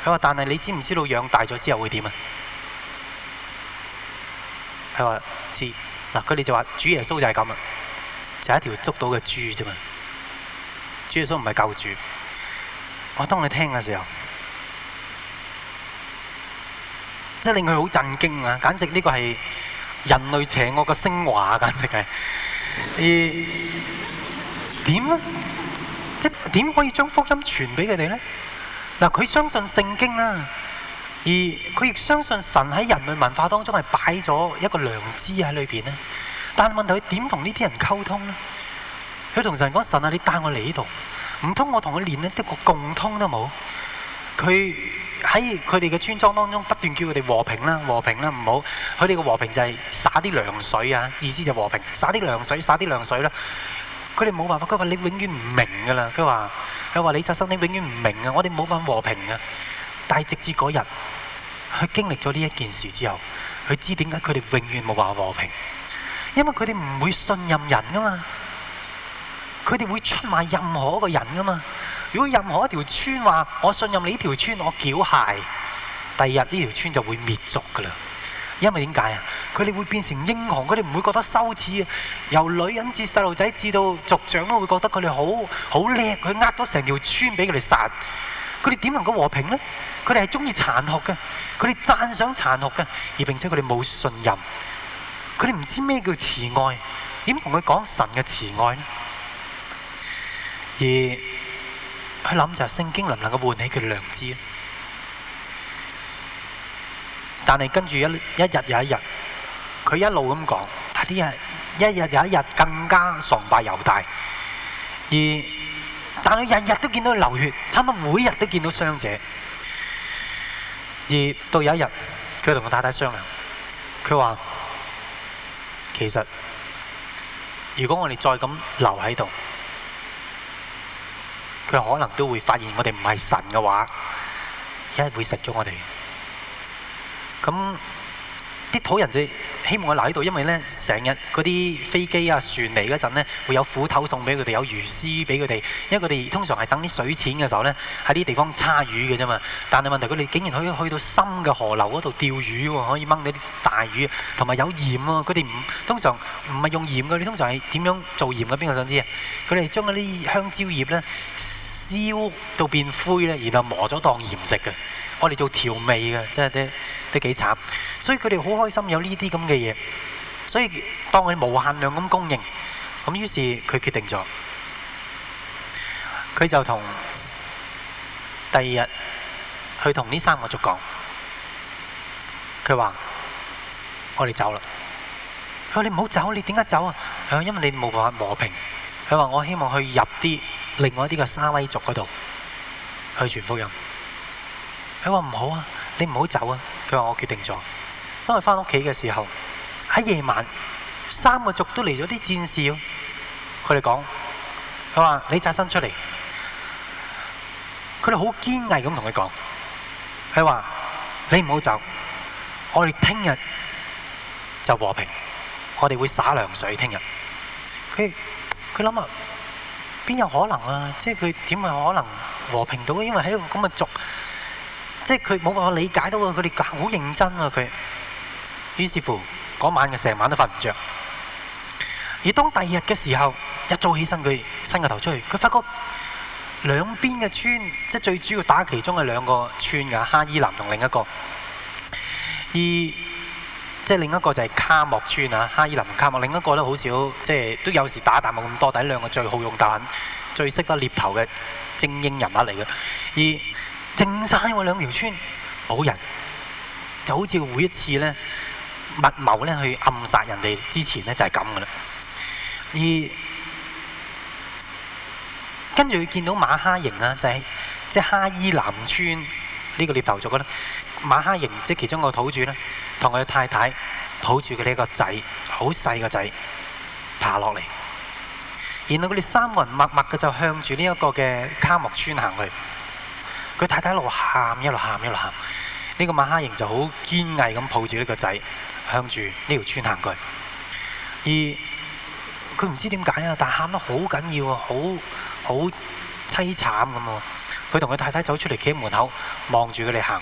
佢話：但係你知唔知道養大咗之後會點啊？佢話知。嗱，佢哋就話主耶穌就係咁啊，就係、是、一條捉到嘅豬啫嘛。主耶穌唔係救主。我當你聽嘅時候。即係令佢好震驚啊！簡直呢個係人類邪惡嘅升華，簡直係。而點咧？即係點可以將福音傳俾佢哋咧？嗱，佢相信聖經啦，而佢亦相信神喺人類文化當中係擺咗一個良知喺裏邊咧。但係問題佢點同呢啲人溝通咧？佢同神講：神啊，你帶我嚟呢度，唔通我同佢連呢一個共通都冇？佢。喺佢哋嘅村莊當中不斷叫佢哋和平啦，和平啦唔好。佢哋嘅和平就係撒啲涼水啊！意思就和平，撒啲涼水，撒啲涼水啦。佢哋冇辦法，佢話你永遠唔明噶啦。佢話，佢話李察生，你永遠唔明啊！我哋冇辦法和平啊！但係直至嗰日，佢經歷咗呢一件事之後，佢知點解佢哋永遠冇話和平，因為佢哋唔會信任人噶嘛，佢哋會出賣任何一個人噶嘛。如果任何一條村話：我信任你呢條村，我繳械，第二日呢條村就會滅族噶啦。因為點解啊？佢哋會變成英雄，佢哋唔會覺得羞恥啊。由女人至細路仔至到族長都會覺得佢哋好好叻，佢呃咗成條村俾佢哋殺。佢哋點能夠和平呢？佢哋係中意殘酷嘅，佢哋讚賞殘酷嘅，而並且佢哋冇信任。佢哋唔知咩叫慈愛，點同佢講神嘅慈愛呢？而佢諗就係聖經能唔能夠喚起佢良知，但係跟住一一日又一日，佢一路咁講，但啲人一日又一日更加崇拜猶大。而但佢日日都見到佢流血，差唔多每日都見到傷者。而到有一日，佢同太太商量，佢話：其實如果我哋再咁留喺度。佢可能都會發現我哋唔係神嘅話，佢係會食咗我哋。咁啲土人就希望我留喺度，因為呢成日嗰啲飛機啊、船嚟嗰陣呢，會有斧頭送俾佢哋，有魚絲俾佢哋。因為佢哋通常係等啲水淺嘅時候呢，喺啲地方叉魚嘅啫嘛。但係問題佢哋竟然可以去到深嘅河流嗰度釣魚喎，可以掹到啲大魚，同埋有鹽喎。佢哋唔通常唔係用鹽嘅，你通常係點樣做鹽嘅？邊個想知啊？佢哋將嗰啲香蕉葉呢。燒到變灰咧，然後磨咗當鹽食嘅，我哋做調味嘅，真係啲都幾慘。所以佢哋好開心有呢啲咁嘅嘢。所以當佢無限量咁供應，咁於是佢決定咗，佢就同第二日，佢同呢三個族講，佢話：我哋走啦！佢話你唔好走，你點解走啊？啊，因為你冇辦法和平。佢話我希望去入啲。另外一啲嘅沙威族嗰度去傳福音，佢話唔好啊，你唔好走啊！佢話我決定咗，當佢翻屋企嘅時候，喺夜晚三個族都嚟咗啲戰士，佢哋講：佢話你側身出嚟，佢哋好堅毅咁同佢講，佢話你唔好走，我哋聽日就和平，我哋會灑涼水。聽日佢佢諗下。邊有可能啊？即係佢點可能和平到？因為喺個咁嘅族，即係佢冇辦法理解到啊！佢哋好認真啊！佢，於是乎嗰晚嘅成晚都瞓唔著。而當第二日嘅時候，一早起身，佢伸個頭出去，佢發覺兩邊嘅村，即係最主要打其中嘅兩個村噶，哈爾南同另一個，而。即係另一個就係卡莫村啊，哈爾林卡莫；另一個咧好少，即係都有時打彈冇咁多，但係兩個最好用彈、最識得獵頭嘅精英人物嚟嘅。而剩曬嗰兩條村冇人，就好似每一次咧密謀咧去暗殺人哋之前咧就係咁嘅啦。而跟住佢見到馬哈營啦，就係即係哈爾林村呢個獵頭族嘅咧，馬哈營即係其中個土著啦。同佢太太抱住佢呢個仔，好細個仔爬落嚟。然後佢哋三個人默默嘅就向住呢一個嘅卡木村行去。佢太太一路喊，一路喊，一路喊。呢個馬哈型就好堅毅咁抱住呢個仔，向住呢條村行去。而佢唔知點解啊，但喊得好緊要啊，好好凄慘咁啊。佢同佢太太走出嚟，企喺門口望住佢哋行。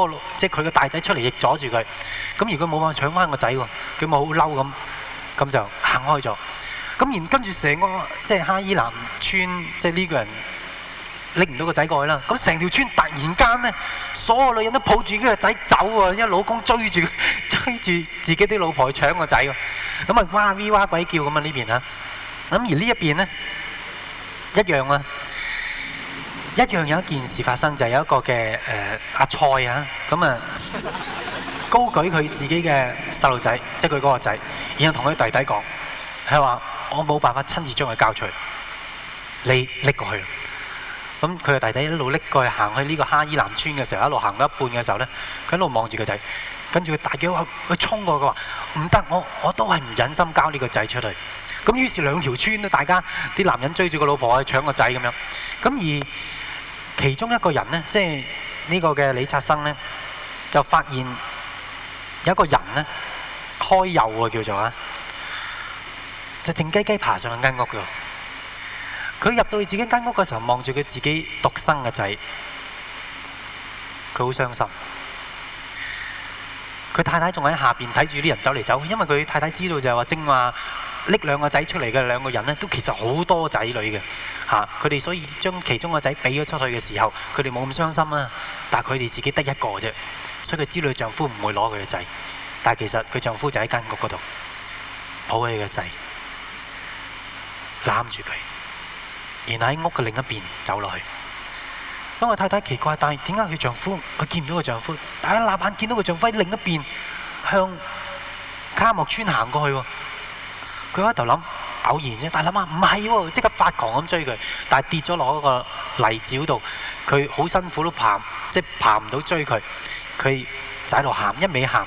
那個、即係佢個大仔出嚟，亦阻住佢。咁而佢冇辦法搶翻個仔喎，佢咪好嬲咁，咁就行開咗。咁然後跟住成個即係哈伊南村，即係呢個人拎唔到個仔過去啦。咁成條村突然間咧，所有女人都抱住呢個仔走喎，因為老公追住佢追住自己啲老婆去搶個仔喎。咁啊，哇咪哇鬼叫咁啊呢邊啊。咁而呢一邊咧一樣啊。一樣有一件事發生就係，是，有一個嘅誒、呃、阿蔡啊，咁啊高舉佢自己嘅細路仔，即係佢嗰個仔，然後同佢弟弟講，佢話我冇辦法親自將佢交出嚟，你拎過去。咁佢嘅弟弟一路拎過去行去呢個哈爾南村嘅時候，一路行到一半嘅時候咧，佢一路望住個仔，跟住佢大叫衝過去去衝過去，佢話唔得，我我都係唔忍心交呢個仔出去。于」咁於是兩條村都大家啲男人追住個老婆去搶個仔咁樣，咁而。其中一個人呢，即係呢個嘅李察生呢，就發現有一個人呢，開右啊，叫做啊，就靜雞雞爬上間屋度。佢入到自己間屋嘅時候，望住佢自己獨生嘅仔，佢好傷心。佢太太仲喺下邊睇住啲人走嚟走去，因為佢太太知道就係話正話。拎兩個仔出嚟嘅兩個人呢，都其實好多仔女嘅嚇，佢哋所以將其中個仔俾咗出去嘅時候，佢哋冇咁傷心啊。但係佢哋自己得一個啫，所以佢知道丈夫唔會攞佢嘅仔。但係其實佢丈夫就喺間屋嗰度抱起佢嘅仔，攬住佢，然後喺屋嘅另一邊走落去。當佢太太奇怪，但係點解佢丈夫佢見唔到個丈夫？但係一霎眼見到個丈夫喺另一邊向卡莫村行過去喎。佢喺度諗偶然啫，但係諗下唔係喎，即刻發狂咁追佢，但係跌咗落嗰個泥沼度，佢好辛苦都爬，即係爬唔到追佢，佢就喺度喊，一味喊。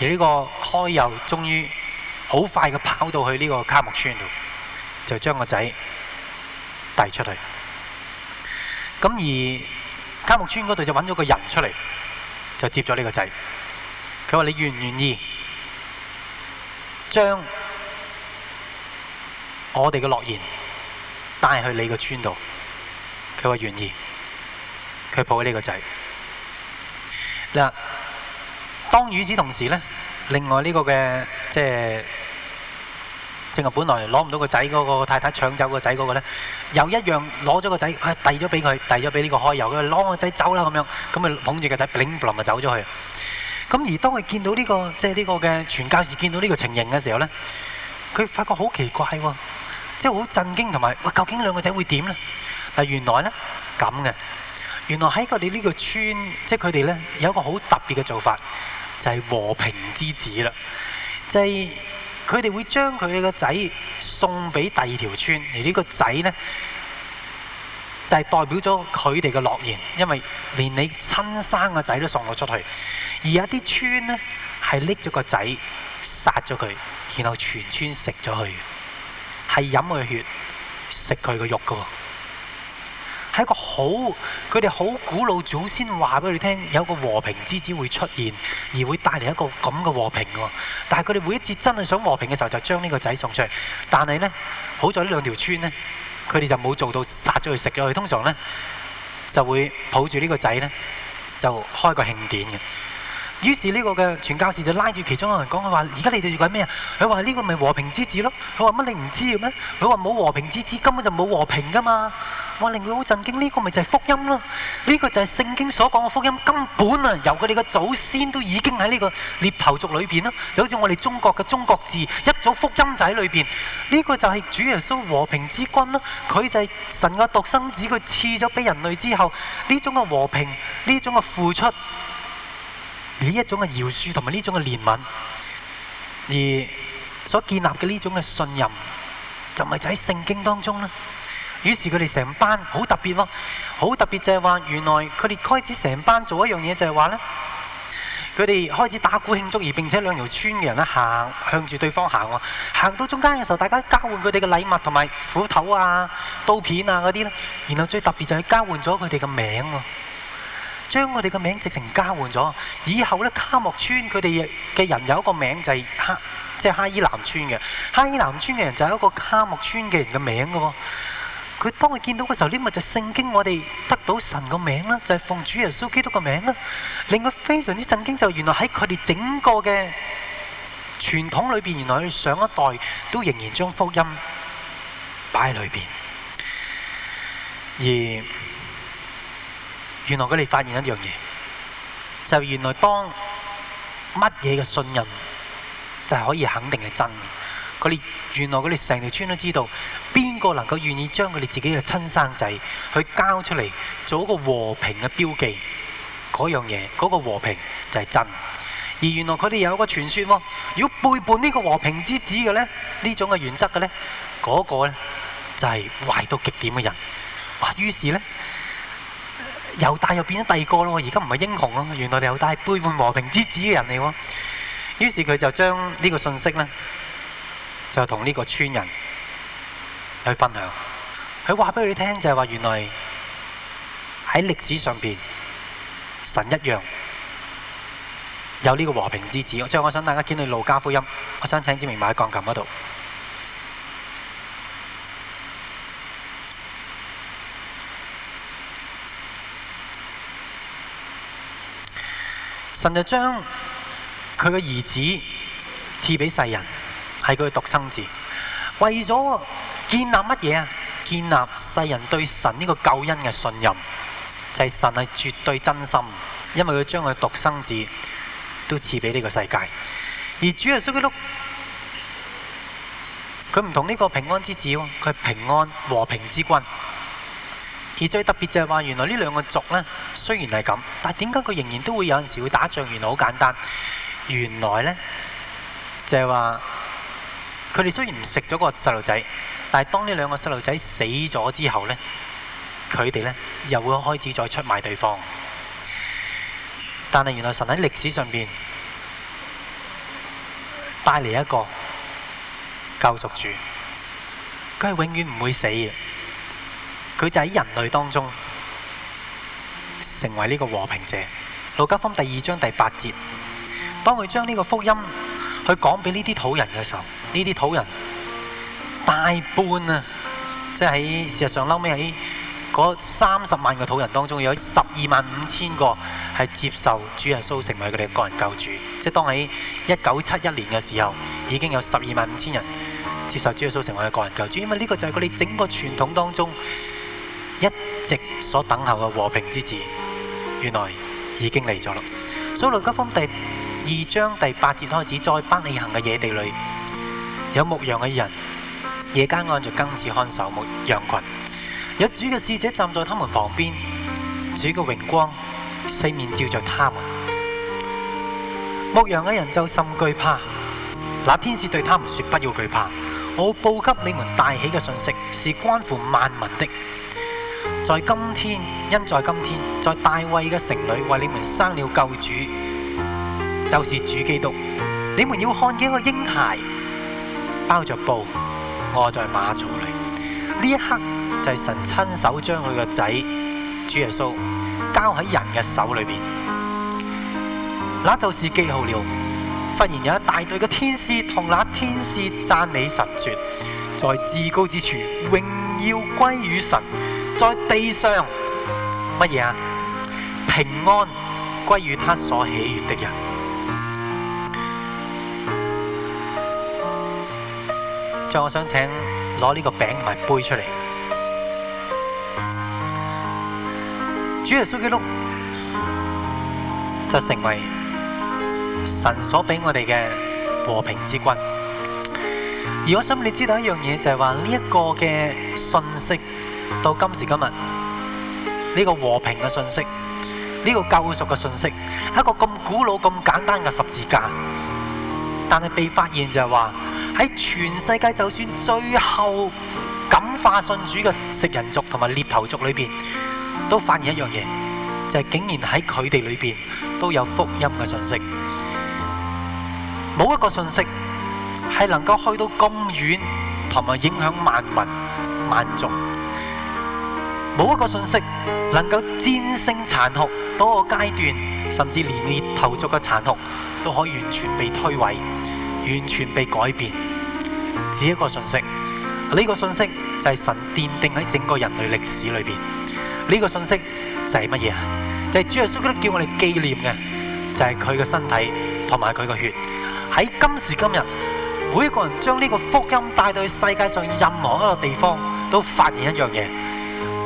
而呢個開遊終於好快嘅跑到去呢個卡木村度，就將個仔遞出去。咁而卡木村嗰度就揾咗個人出嚟，就接咗呢個仔。佢話：你願唔願意將？我哋嘅諾言帶去你個村度，佢話願意。佢抱起呢個仔。嗱，當與此同時咧，另外呢個嘅即係正係本來攞唔到個仔嗰個太太搶走個仔嗰個咧，又一樣攞咗個仔，遞咗俾佢，遞咗俾呢個開油，佢攞我仔走啦咁樣，咁咪捧住個仔，擰冧就走咗去。咁而當佢見到呢個即係呢個嘅傳教士見到呢個情形嘅時候咧，佢發覺好奇怪喎。即係好震驚同埋，哇！究竟兩個仔會點呢？但原來呢，咁嘅，原來喺佢哋呢個村，即係佢哋呢，有一個好特別嘅做法，就係和平之子啦。就係佢哋會將佢嘅仔送俾第二條村，而呢個仔呢，就係代表咗佢哋嘅諾言，因為連你親生嘅仔都送咗出去，而有啲村呢，係拎咗個仔殺咗佢，然後全村食咗佢。係飲佢血，食佢個肉嘅喎、哦，係一個好，佢哋好古老祖先話俾你聽，有個和平之子會出現，而會帶嚟一個咁嘅和平喎、哦。但係佢哋每一次真係想和平嘅時候，就將呢個仔送出去。但係呢，好在呢兩條村呢，佢哋就冇做到殺咗佢食咗佢。通常呢，就會抱住呢個仔呢，就開個慶典嘅。於是呢個嘅傳教士就拉住其中一個人講：佢話：而家你哋要緊咩啊？佢話：呢個咪和平之子咯。佢話：乜你唔知咩？佢話：冇和平之子，根本就冇和平噶嘛。我令佢好震驚，呢個咪就係福音咯。呢個就係聖經所講嘅福音，根本啊由佢哋嘅祖先都已經喺呢個獵頭族裏邊咯。就好似我哋中國嘅中國字，一組福音仔裏邊，呢個就係主耶穌和平之君咯。佢就係神嘅獨生子，佢賜咗俾人類之後，呢種嘅和平，呢種嘅付出。呢一種嘅饒恕同埋呢種嘅憐憫，而所建立嘅呢種嘅信任，就咪就喺聖經當中咧。於是佢哋成班好特別喎，好特別就係話，原來佢哋開始成班做一樣嘢就係話咧，佢哋開始打鼓慶祝，而並且兩條村嘅人咧行向住對方行喎，行到中間嘅時候，大家交換佢哋嘅禮物同埋斧頭啊、刀片啊嗰啲咧，然後最特別就係交換咗佢哋嘅名喎。將佢哋個名直情交換咗，以後咧卡莫村佢哋嘅人有一個名就係哈，即係哈伊南村嘅。哈伊南村嘅人就係一個卡莫村嘅人個名㗎喎。佢當佢見到嘅時候，呢咪就聖經我哋得到神個名啦，就係奉主耶穌基督個名啦。令佢非常之震驚就原來喺佢哋整個嘅傳統裏邊，原來佢上一代都仍然將福音擺喺裏邊，而。原來佢哋發現一樣嘢，就係原來當乜嘢嘅信任就係可以肯定係真嘅。佢哋原來佢哋成條村都知道邊個能夠願意將佢哋自己嘅親生仔去交出嚟做一個和平嘅標記，嗰樣嘢嗰個和平就係真。而原來佢哋有一個傳説喎，如果背叛呢個和平之子嘅呢，呢種嘅原則嘅呢，嗰個咧就係壞到極點嘅人。啊，於是呢。猶大又變咗第二個咯，而家唔係英雄咯，原來猶大係背叛和平之子嘅人嚟喎。於是佢就將呢個信息咧，就同呢個村人去分享。佢話俾佢哋聽就係話，原來喺歷史上邊，神一樣有呢個和平之子。即係我想大家見到路加福音，我想請志明埋喺鋼琴嗰度。神就將佢個兒子賜俾世人，係佢獨生子，為咗建立乜嘢啊？建立世人對神呢個救恩嘅信任，就係神係絕對真心，因為佢將佢獨生子都賜俾呢個世界。而主耶穌基督，佢唔同呢個平安之子，佢係平安和平之君。而最特別就係話，原來呢兩個族呢，雖然係咁，但係點解佢仍然都會有陣時會打仗？原來好簡單，原來呢，就係話，佢哋雖然唔食咗個細路仔，但係當呢兩個細路仔死咗之後呢，佢哋呢，又會開始再出賣對方。但係原來神喺歷史上邊帶嚟一個救贖主，佢係永遠唔會死嘅。佢就喺人類當中成為呢個和平者。路加福音第二章第八節，當佢將呢個福音去講俾呢啲土人嘅時候，呢啲土人大半啊，即係喺事實上嬲尾喺嗰三十萬個土人當中，有十二萬五千個係接受主耶穌成為佢哋嘅個人救主。即係當喺一九七一年嘅時候，已經有十二萬五千人接受主耶穌成為佢哋個人救主。因為呢個就係佢哋整個傳統當中，所等候嘅和平之子，原來已經嚟咗啦。路加福音第二章第八節開始，在伯利恆嘅野地裏，有牧羊嘅人，夜間按着更次看守牧羊群。有主嘅使者站在他們旁邊，主嘅榮光四面照着他們。牧羊嘅人就甚懼怕。那天使對他們說：不要懼怕，我報給你們大喜嘅訊息，是關乎萬民的。在今天，因在今天，在大衛嘅城裏，為你們生了救主，就是主基督。你們要看見一個嬰孩，包着布，臥在馬槽裏。呢一刻就係、是、神親手將佢個仔主耶穌交喺人嘅手裏邊，那就是記號了。忽然有一大隊嘅天使同那天使讚美神說：在至高之處，榮耀歸於神。在地上乜嘢啊？平安歸於他所喜悦的人。就我想請攞呢個餅和杯出嚟。主耶穌基督就成為神所俾我哋嘅和平之君。而我想你知道一樣嘢，就係話呢一個嘅信息。到今時今日，呢個和平嘅信息，呢個救贖嘅信息，係一個咁古老、咁簡單嘅十字架，但係被發現就係話喺全世界，就算最後感化信主嘅食人族同埋獵頭族裏邊，都發現一樣嘢，就係竟然喺佢哋裏邊都有福音嘅信息。冇一個信息係能夠去到咁遠，同埋影響萬民萬族。冇一個信息能夠戰勝殘酷多個階段，甚至連裂投足嘅殘酷，都可以完全被摧毀，完全被改變。只一個信息，呢個信息就係神奠定喺整個人類歷史裏邊。呢個信息就係乜嘢啊？就係主耶穌基督叫我哋紀念嘅，就係佢嘅身體同埋佢嘅血。喺今時今日，每一個人將呢個福音帶到去世界上任何一個地方，都發現一樣嘢。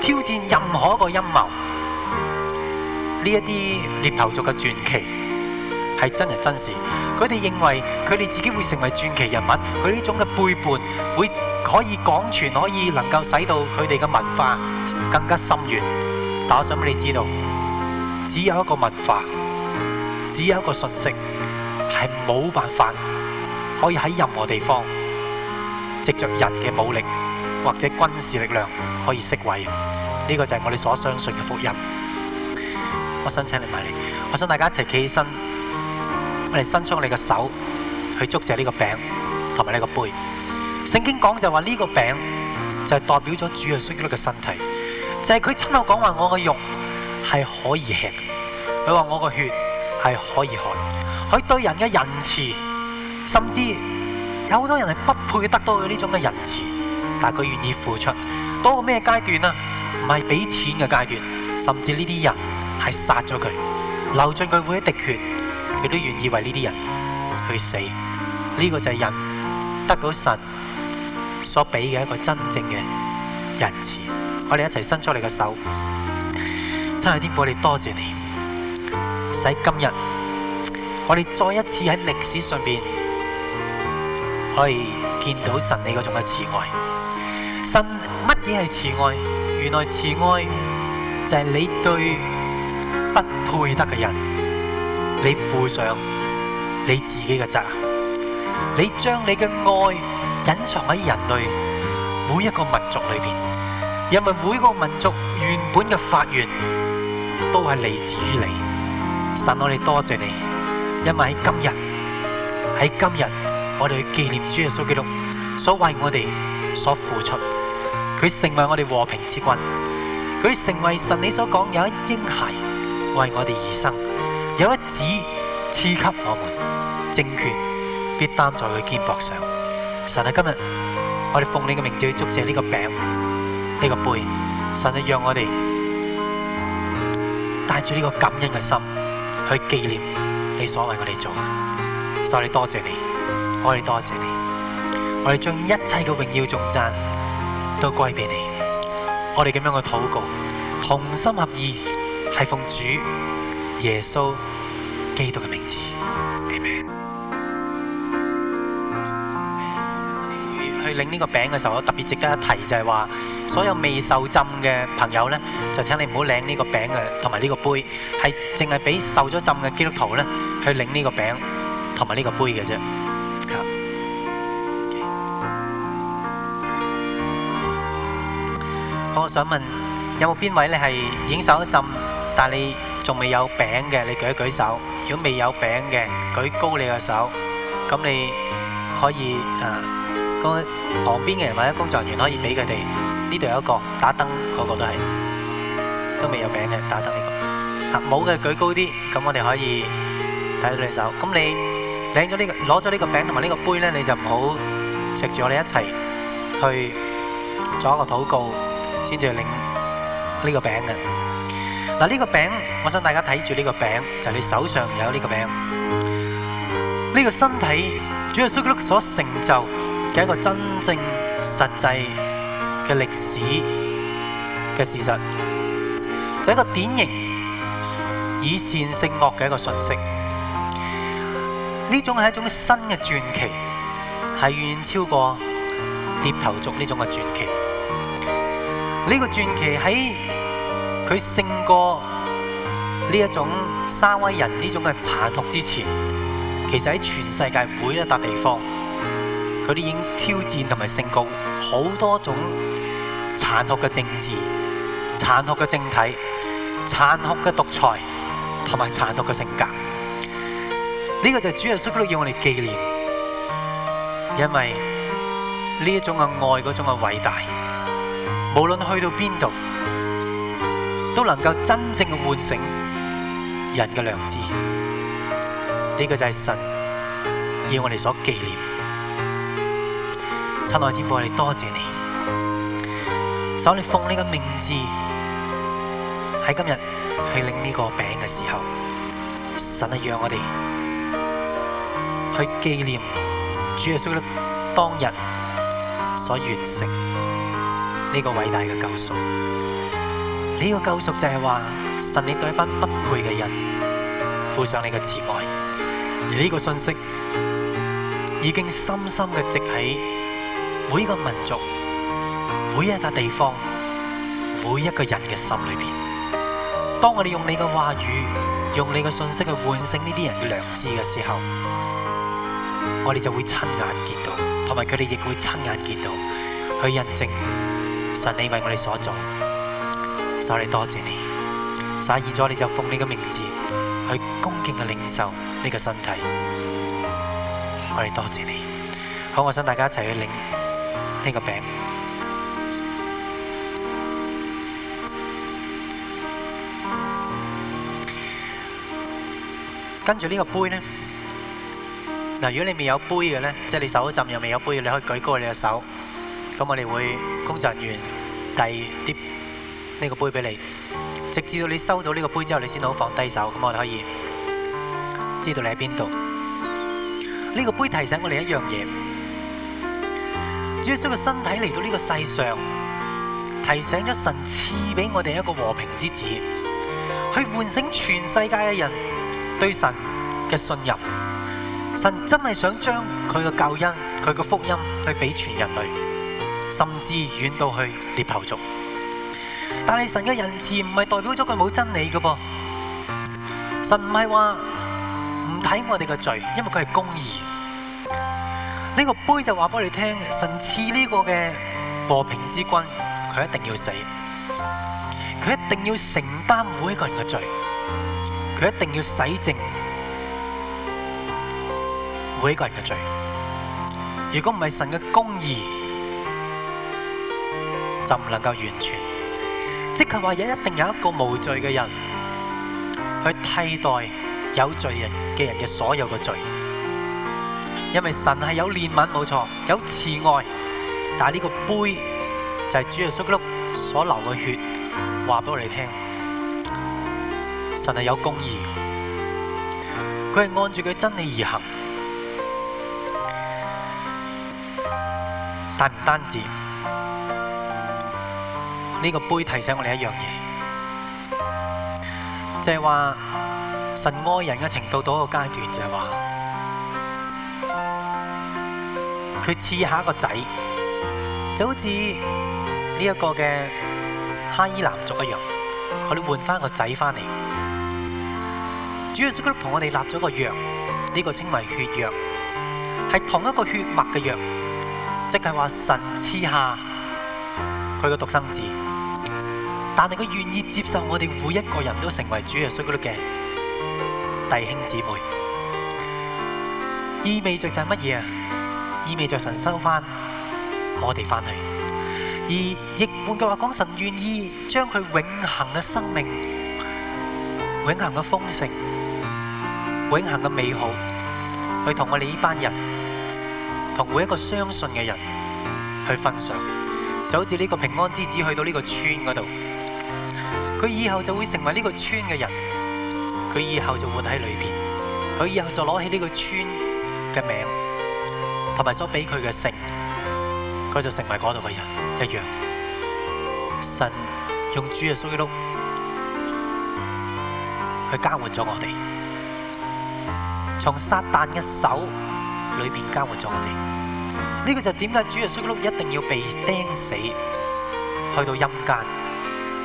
挑戰任何一個陰謀，呢一啲獵頭族嘅傳奇係真人真事。佢哋認為佢哋自己會成為傳奇人物，佢呢種嘅背叛，會可以廣傳，可以能夠使到佢哋嘅文化更加深遠。但我想俾你知道，只有一個文化，只有一個信息，係冇辦法可以喺任何地方藉着人嘅武力，或者軍事力量可以釋位，呢、這個就係我哋所相信嘅福音。我想請你埋嚟，我想大家一齊企起身，我哋伸出我哋嘅手去捉住呢個餅同埋呢個杯。聖經講就話呢個餅就係代表咗主嘅聖潔嘅身體，就係、是、佢親口講話我嘅肉係可以吃，佢話我嘅血係可以喝。佢對人嘅仁慈，甚至有好多人係不配得到佢呢種嘅仁慈。但佢願意付出，到個咩階段啊？唔係俾錢嘅階段，甚至呢啲人係殺咗佢，流盡佢會一滴血，佢都願意為呢啲人去死。呢、呢個就係人得到神所俾嘅一個真正嘅仁慈。我哋一齊伸出你嘅手，親愛嘅天父，你多謝你，使今日我哋再一次喺歷史上面可以見到神你嗰種嘅慈愛。神乜嘢係慈愛？原來慈愛就係你對不配得嘅人，你負上你自己嘅責任，你將你嘅愛隱藏喺人類每一個民族裏邊。因為每個民族原本嘅發源都係嚟自於你。神，我哋多謝你，因為喺今日，喺今日我哋去紀念主耶穌基督所為我哋所付出。佢成為我哋和平之君，佢成為神你所講有一嬰孩為我哋而生，有一子賜給我們，政權必擔在佢肩膊上。神啊，今日我哋奉你嘅名字去祝謝呢個餅，呢個杯。神啊，讓我哋帶住呢個感恩嘅心去紀念你所為我哋做。所以多謝你，我哋多謝你，我哋將一切嘅榮耀頌讚，都歸俾你，我哋咁樣嘅禱告，同心合意，係奉主耶穌基督嘅名字。阿門。去領呢個餅嘅時候，我特別值得一提就係話，所有未受浸嘅朋友呢，就請你唔好領呢個餅嘅，同埋呢個杯，係淨係俾受咗浸嘅基督徒呢去領呢個餅同埋呢個杯嘅啫。我想問有冇邊位你係影手一浸，但係你仲未有餅嘅，你舉一舉手。如果未有餅嘅，舉高你嘅手，咁你可以誒，嗰旁邊嘅人或者工作人員可以俾佢哋。呢度有一個打燈，個個都係都未有餅嘅，打燈呢個。吓，冇嘅舉高啲，咁我哋可以睇到你手。咁你領咗呢個攞咗呢個餅同埋呢個杯呢，你就唔好食住，我哋一齊去做一個禱告。先至要領呢個餅嘅。嗱，呢個餅，我想大家睇住呢個餅，就係你手上有呢個餅。呢個身體，主耶穌基督所成就嘅一個真正實際嘅歷史嘅事實，就係一個典型以善勝惡嘅一個訊息。呢種係一種新嘅傳奇，係遠遠超過獵頭族呢種嘅傳奇。這個傳奇在他勝過這種沙威人呢種嘅殘酷之前，其實在全世界每一笪地方，他哋已經挑戰和勝過很多種殘酷的政治、殘酷的政體、殘酷的獨裁同埋殘酷嘅性格。這個就是主耶穌基督要我哋紀念，因為這種愛嗰種偉大。無論去到邊度，都能夠真正喚醒人嘅良知。呢、這個就是神要我哋所紀念。親愛天父，我哋多謝你。手裏奉你個名字，喺今日去領呢個餅嘅時候，神啊，讓我哋去紀念主耶穌當日所完成。呢、這個偉大嘅救贖，呢、這個救贖就係話，神你對一班不配嘅人付上你嘅慈愛，而呢個信息已經深深嘅植喺每一個民族、每一笪地方、每一個人嘅心裏邊。當我哋用你嘅話語、用你嘅信息去喚醒呢啲人嘅良知嘅時候，我哋就會親眼見到，同埋佢哋亦會親眼見到，去印證。神你為我哋所做，所以我哋多謝你，撒意咗你就奉你嘅名字去恭敬嘅領受呢個身體，我哋多謝你。好，我想大家一齊去領呢個餅，跟住呢個杯呢。嗱，如果你未有杯嘅咧，即係你手浸又未有杯嘅，你可以舉高你隻手。咁我哋會工作人員遞啲呢個杯俾你，直至到你收到呢個杯之後，你先好放低手。咁我哋可以知道你喺邊度。呢個杯提醒我哋一樣嘢：耶穌嘅身體嚟到呢個世上，提醒咗神賜俾我哋一個和平之子，去喚醒全世界嘅人對神嘅信任。神真係想將佢嘅救恩、佢嘅福音去俾全人類。甚至遠到去獵頭族，但係神嘅仁慈唔係代表咗佢冇真理嘅噃，神唔係話唔睇我哋嘅罪，因為佢係公義。呢個杯就話俾你聽，神賜呢個嘅和平之君，佢一定要死，佢一定要承擔每一個人嘅罪，佢一定要洗淨每一個人嘅罪。如果唔係神嘅公義。就唔能夠完全，即係話有一定有一個無罪嘅人去替代有罪人嘅人嘅所有嘅罪，因為神係有憐憫冇錯，有慈愛，但係呢個杯就係主耶穌基督所流嘅血，話俾我哋聽，神係有公義，佢係按住佢真理而行，但唔單止。呢個杯提醒我哋一樣嘢，就係話神愛人嘅程度到一個階段，就係話佢賜下一個仔，就好似呢一個嘅哈爾男族一樣，佢換翻個仔翻嚟。主耶穌同我哋立咗個約，呢個稱為血約，係同一個血脈嘅約，即係話神賜下佢個獨生子。但係佢願意接受我哋每一個人都成為主耶穌嗰度嘅弟兄姊妹，意味著就係乜嘢啊？意味著神收翻我哋翻去，而亦換句話講，神願意將佢永恆嘅生命、永恆嘅豐盛、永恆嘅美好，去同我哋呢班人，同每一個相信嘅人去分享，就好似呢個平安之子去到呢個村嗰度。佢以後就會成為呢個村嘅人，佢以後就活喺裏面。佢以後就攞起呢個村嘅名，同埋所俾佢嘅姓。佢就成為嗰度嘅人一樣。神用主耶穌基督去交換咗我哋，從撒旦嘅手裏面交換咗我哋。呢、這個就點解主耶穌基督一定要被釘死，去到陰間？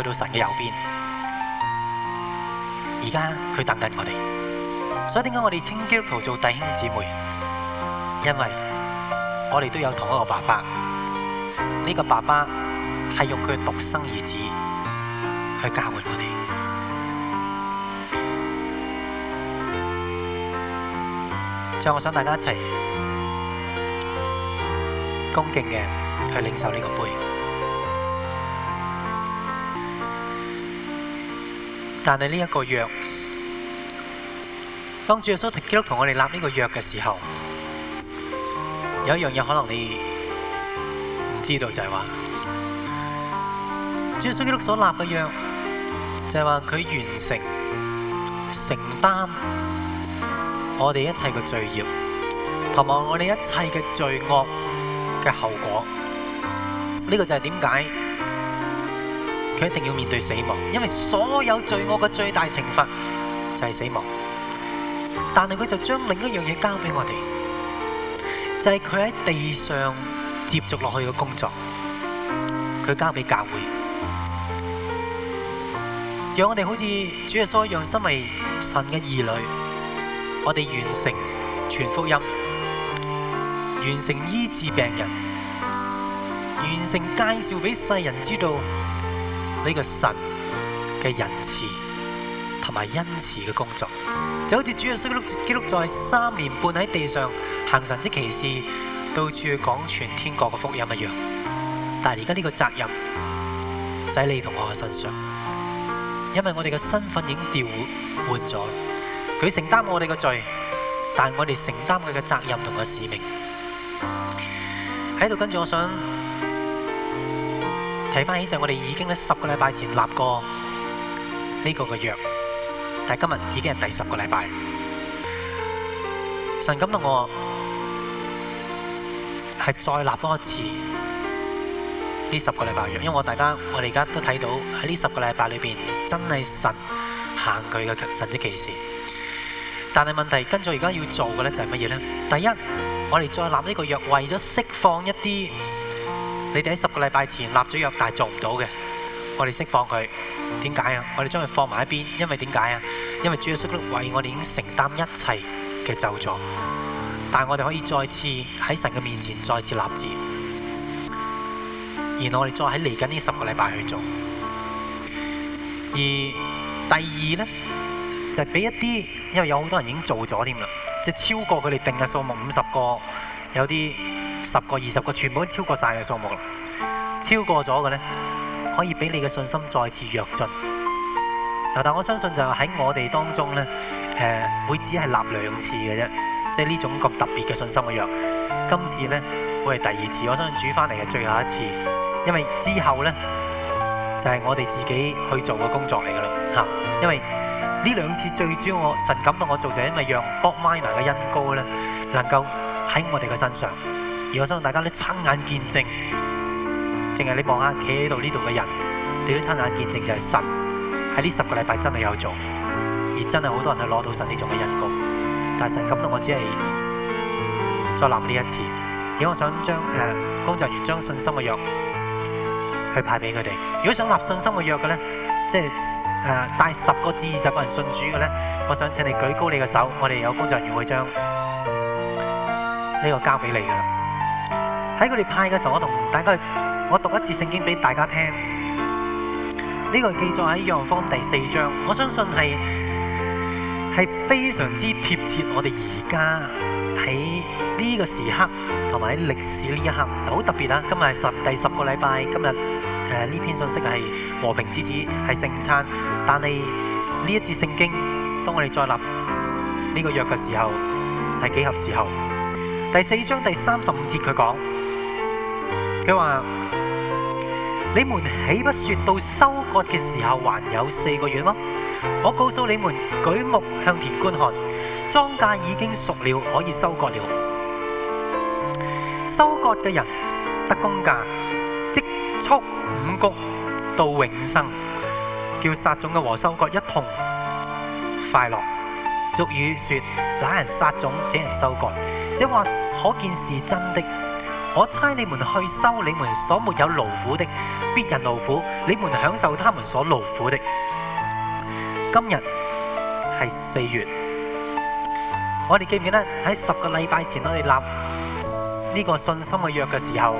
去到神嘅右邊，而家佢等緊我哋，所以點解我哋稱基督徒做弟兄姊妹？因為我哋都有同一個爸爸，呢、這個爸爸係用佢嘅獨生兒子去教會我哋。所以我想大家一齊恭敬嘅去領受呢個杯。但係呢一個約，當主耶穌基督同我哋立呢個約嘅時候，有一樣嘢可能你唔知道就係話，主耶穌基督所立嘅約就係話佢完成、承擔我哋一切嘅罪業，同埋我哋一切嘅罪惡嘅後果。呢個就係點解？佢一定要面對死亡，因為所有罪惡嘅最大懲罰就係死亡。但係佢就將另一樣嘢交俾我哋，就係佢喺地上接續落去嘅工作，佢交俾教會，讓我哋好似主耶穌一樣，身為神嘅兒女，我哋完成全福音，完成醫治病人，完成介紹俾世人知道。呢、這個神嘅仁慈同埋恩慈嘅工作，就好似主耶穌基督在三年半喺地上行神蹟奇事，到處講全天國嘅福音一樣。但係而家呢個責任就喺你同我嘅身上，因為我哋嘅身份已經調換咗，佢承擔我哋嘅罪，但我哋承擔佢嘅責任同個使命。喺度跟住，我想。睇翻起就，我哋已經喺十個禮拜前立過呢個嘅約，但係今日已經係第十個禮拜。神感動我係再立多一次呢十個禮拜嘅約，因為我大家我哋而家都睇到喺呢十個禮拜裏邊，真係神行佢嘅神，神蹟奇事。但係問題跟住而家要做嘅咧就係乜嘢咧？第一，我哋再立呢個約，為咗釋放一啲。你哋喺十個禮拜前立咗約，但係做唔到嘅，我哋釋放佢。點解啊？我哋將佢放埋一邊，因為點解啊？因為主耶穌的位，我哋已經承擔一切嘅咒詛。但係我哋可以再次喺神嘅面前再次立志，然後我哋再喺嚟緊呢十個禮拜去做。而第二呢，就係俾一啲，因為有好多人已經做咗添啦，即係超過佢哋定嘅數目五十個，有啲。十個、二十個，全部都超過晒嘅數目啦。超過咗嘅呢，可以俾你嘅信心再次躍進。嗱，但我相信就喺我哋當中呢，誒、呃、會只係立兩次嘅啫，即係呢種咁特別嘅信心嘅約。今次呢，會係第二次，我相信主返嚟係最後一次，因為之後呢，就係、是、我哋自己去做嘅工作嚟嘅啦。嚇，因為呢兩次最主要我神感動我做就係、是、因為讓 Bob Miner 嘅恩歌呢能夠喺我哋嘅身上。而我相信大家咧親眼見證，淨係你望下企喺度呢度嘅人，你都親眼見證就係神喺呢十個禮拜真係有做，而真係好多人去攞到神呢種嘅恩膏。但神感到我只係再立呢一次。如果我想將、呃、工作人員將信心嘅約去派畀佢哋。如果想立信心嘅約嘅呢，即係帶、呃、十個至二十個人信主嘅呢，我想請你舉高你嘅手，我哋有工作人員會將呢個交畀你嘅。喺佢哋派嘅時候，我同大家，我讀一節聖經畀大家聽。這個記載喺約方第四章，我相信是，是非常之貼切我哋而家在這個時刻同埋喺歷史呢一刻好特別啊！今日是十第十個禮拜，今日、呃、這篇信息是和平之子係聖餐，但是這一節聖經當我哋再立這個約的時候，是幾合時候？第四章第三十五節佢講。佢話：你們豈不說到收割嘅時候還有四個月咯？我告訴你們，舉目向田觀看，莊稼已經熟了，可以收割了。收割嘅人得工價，積蓄五穀到永生，叫撒種嘅和收割一同快樂。俗語說：懶人撒種，整人收割，即係話，可見是真的。我差你們去收你們所沒有勞苦的，別人勞苦，你們享受他們所勞苦的。今日係四月，我哋記唔記得喺十個禮拜前我哋立呢個信心嘅約嘅時候，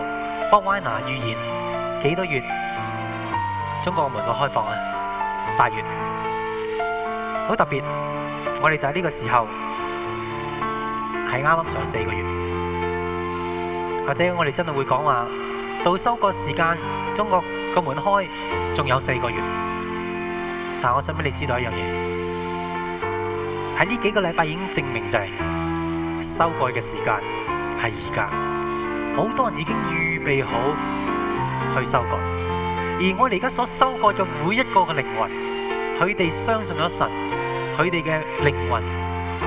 波西亞預言幾多月中國門會開放啊？八月，好特別，我哋就喺呢個時候係啱啱咗四個月。或者我哋真係會講話到收割時間，中國個門開仲有四個月。但係我想俾你知道一樣嘢，喺呢幾個禮拜已經證明就係收割嘅時間係而家。好多人已經預備好去收割，而我哋而家所收割咗每一個嘅靈魂，佢哋相信咗神，佢哋嘅靈魂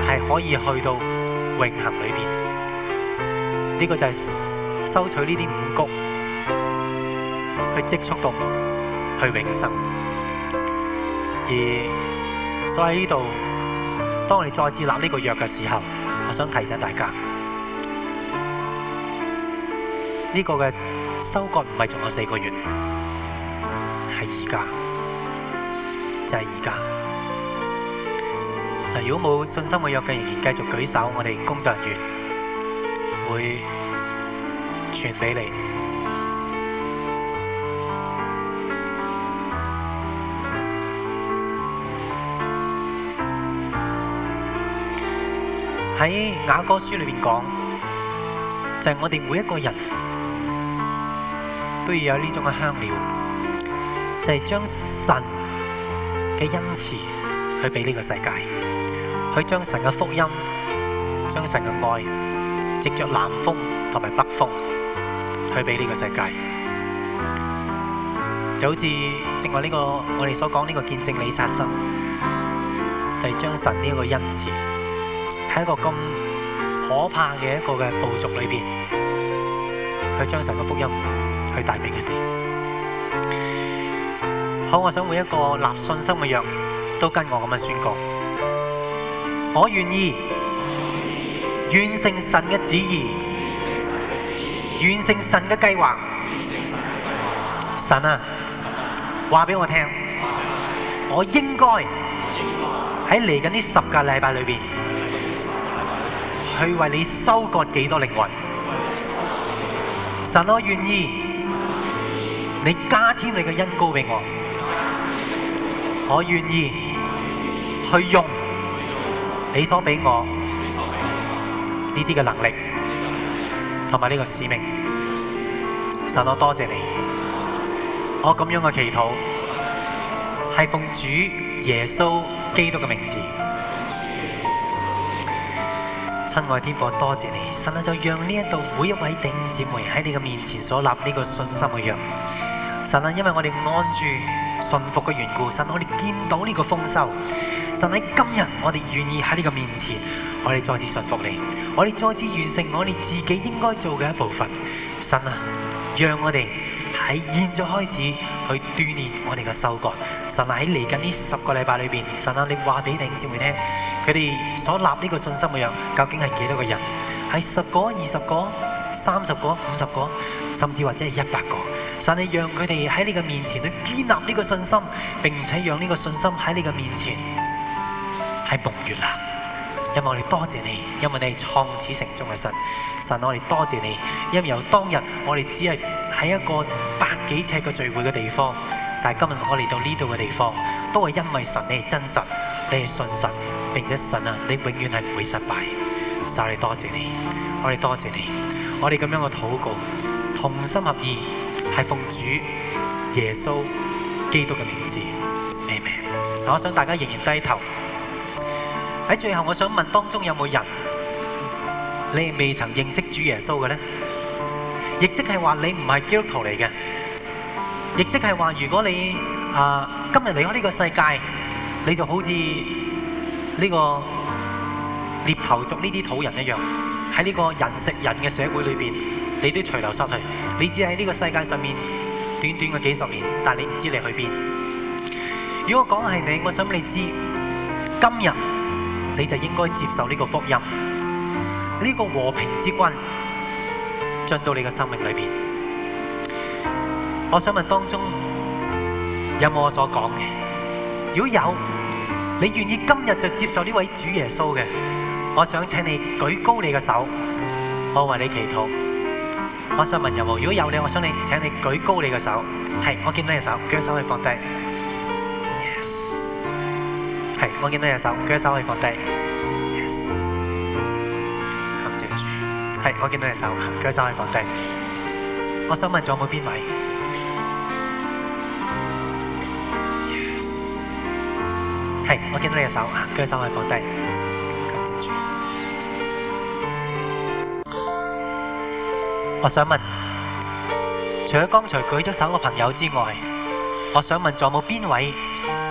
係可以去到永恆裏邊。呢、這個就係收取呢啲五穀，去積蓄到去永生，而所以喺呢度，當我哋再次立呢個約嘅時候，我想提醒大家，呢、這個嘅收割唔係仲有四個月，係而家，就係而家。如果冇信心嘅約嘅仍然繼續舉手，我哋工作人員。會傳俾你。喺雅歌書裏面講，就係我哋每一個人都要有呢種嘅香料，就係將神嘅恩慈去俾呢個世界，去將神嘅福音、將神嘅愛。藉著南風同埋北風去俾呢個世界，就好似正話呢個我哋所講呢個見證李澤生，就係將神呢個恩慈喺一個咁可怕嘅一個嘅部族裏邊，去將神嘅福音去帶俾佢哋。好，我想每一個立信心嘅人，都跟我咁樣宣告：我願意。完成神嘅旨意，完成神嘅計劃。神啊，話俾我聽，我應該喺嚟緊呢十個禮拜裏面，去為你收割幾多靈魂。神，我願意，你加添你嘅恩膏俾我，我願意去用你所俾我。呢啲嘅能力同埋呢個使命，神，我多謝你，我咁樣嘅祈禱係奉主耶穌基督嘅名字。親愛天父，我多謝你，神啊，就讓呢一度每一位弟兄姊妹喺你嘅面前所立呢個信心嘅約，神啊，因為我哋安住信服嘅緣故，神，我哋見到呢個豐收，神，喺今日我哋願意喺呢個面前。我哋再次信服你，我哋再次完成我哋自己應該做嘅一部分。神啊，讓我哋喺現在開始去鍛煉我哋嘅修覺，神啊，喺嚟緊呢十個禮拜裏邊，神啊，你話俾弟兄姊妹聽，佢哋所立呢個信心嘅人，究竟是幾多少個人？係十個、二十個、三十個、五十個，甚至或者係一百個，神啊，他們在你，你讓佢哋喺你嘅面前去建立呢個信心，並且讓呢個信心喺你嘅面前是蓬勃了因為我哋多謝你，因為你係創始成終嘅神，神，我哋多謝你。因為由當日我哋只係喺一個百幾尺嘅聚會嘅地方，但係今日我嚟到呢度嘅地方，都係因為神你係真實，你係信神，並且神啊，你永遠係唔會失敗。所以多謝你，我哋多謝你，我哋咁樣嘅禱告，同心合意，係奉主耶穌基督嘅名字，Amen。我想大家仍然低頭。喺最後，我想問當中有冇人你係未曾認識主耶穌嘅呢？亦即係話你唔係基督徒嚟嘅，亦即係話如果你啊今日離開呢個世界，你就好似呢個獵頭族呢啲土人一樣，喺呢個人食人嘅社會裏面，你都隨流失去，你只喺呢個世界上面短短嘅幾十年，但你唔知你去邊。如果講係你，我想你知今日。你就應該接受呢個福音，呢、這個和平之君進到你嘅生命裏面。我想問當中有冇我所講嘅？如果有，你願意今日就接受呢位主耶穌嘅？我想請你舉高你嘅手，我為你祈禱。我想問有冇有？如果有你，我想你請你舉高你嘅手。係，我見到你的手，將手可以放低。我見到隻手，嗰隻手可以放低。係，我見到隻手，嗰隻手可以放低。我想問仲有冇邊位？係，我見到你隻手，嗰隻手可以放低。我想問，除咗剛才舉咗手嘅朋友之外，我想問仲有冇邊位？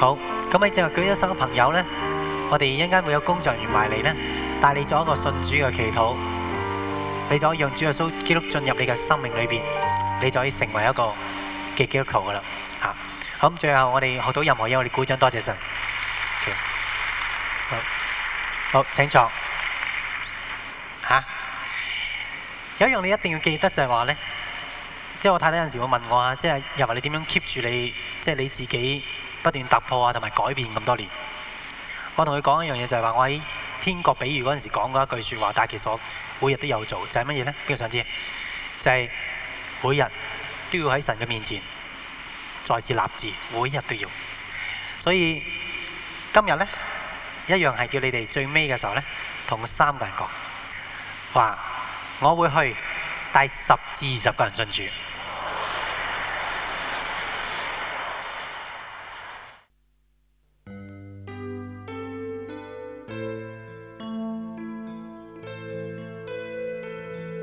好，咁你最後舉咗手嘅朋友咧，我哋一陣間會有工作人員嚟咧，帶你做一個信主嘅祈禱，你就可以讓主耶穌基督進入你嘅生命裏邊，你就可以成為一個嘅基督徒噶啦。吓，咁最後我哋學到任何嘢，我哋鼓掌，多謝神。Okay. 好，好，請坐。吓，有一樣你一定要記得就係話咧，即係我太太有陣時會問我啊，即係又話你點樣 keep 住你，即係你自己。不斷突破啊，同埋改變咁多年。我同佢講一樣嘢，就係話我喺天國比喻嗰陣時講過一句說話，但係其實我每日都有做，就係乜嘢呢？邊個想知？就係每日都要喺神嘅面前再次立志，每日都要。所以今日呢一樣係叫你哋最尾嘅時候呢，同三個人講，話我會去帶十至二十個人信主。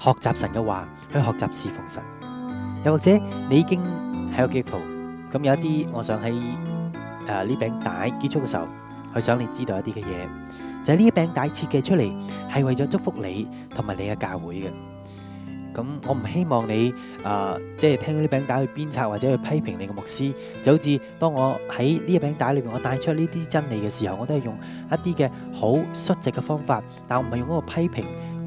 學習神嘅話，去學習侍奉神。又或者你已經喺個基督徒，咁有一啲，我想喺誒呢餅帶結束嘅時候，去想你知道一啲嘅嘢，就係呢一餅帶設計出嚟係為咗祝福你同埋你嘅教會嘅。咁我唔希望你誒，即係聽到呢餅帶去鞭策，或者去批評你嘅牧師。就好似當我喺呢一餅帶裏邊，我帶出呢啲真理嘅時候，我都係用一啲嘅好率直嘅方法，但係我唔係用嗰個批評。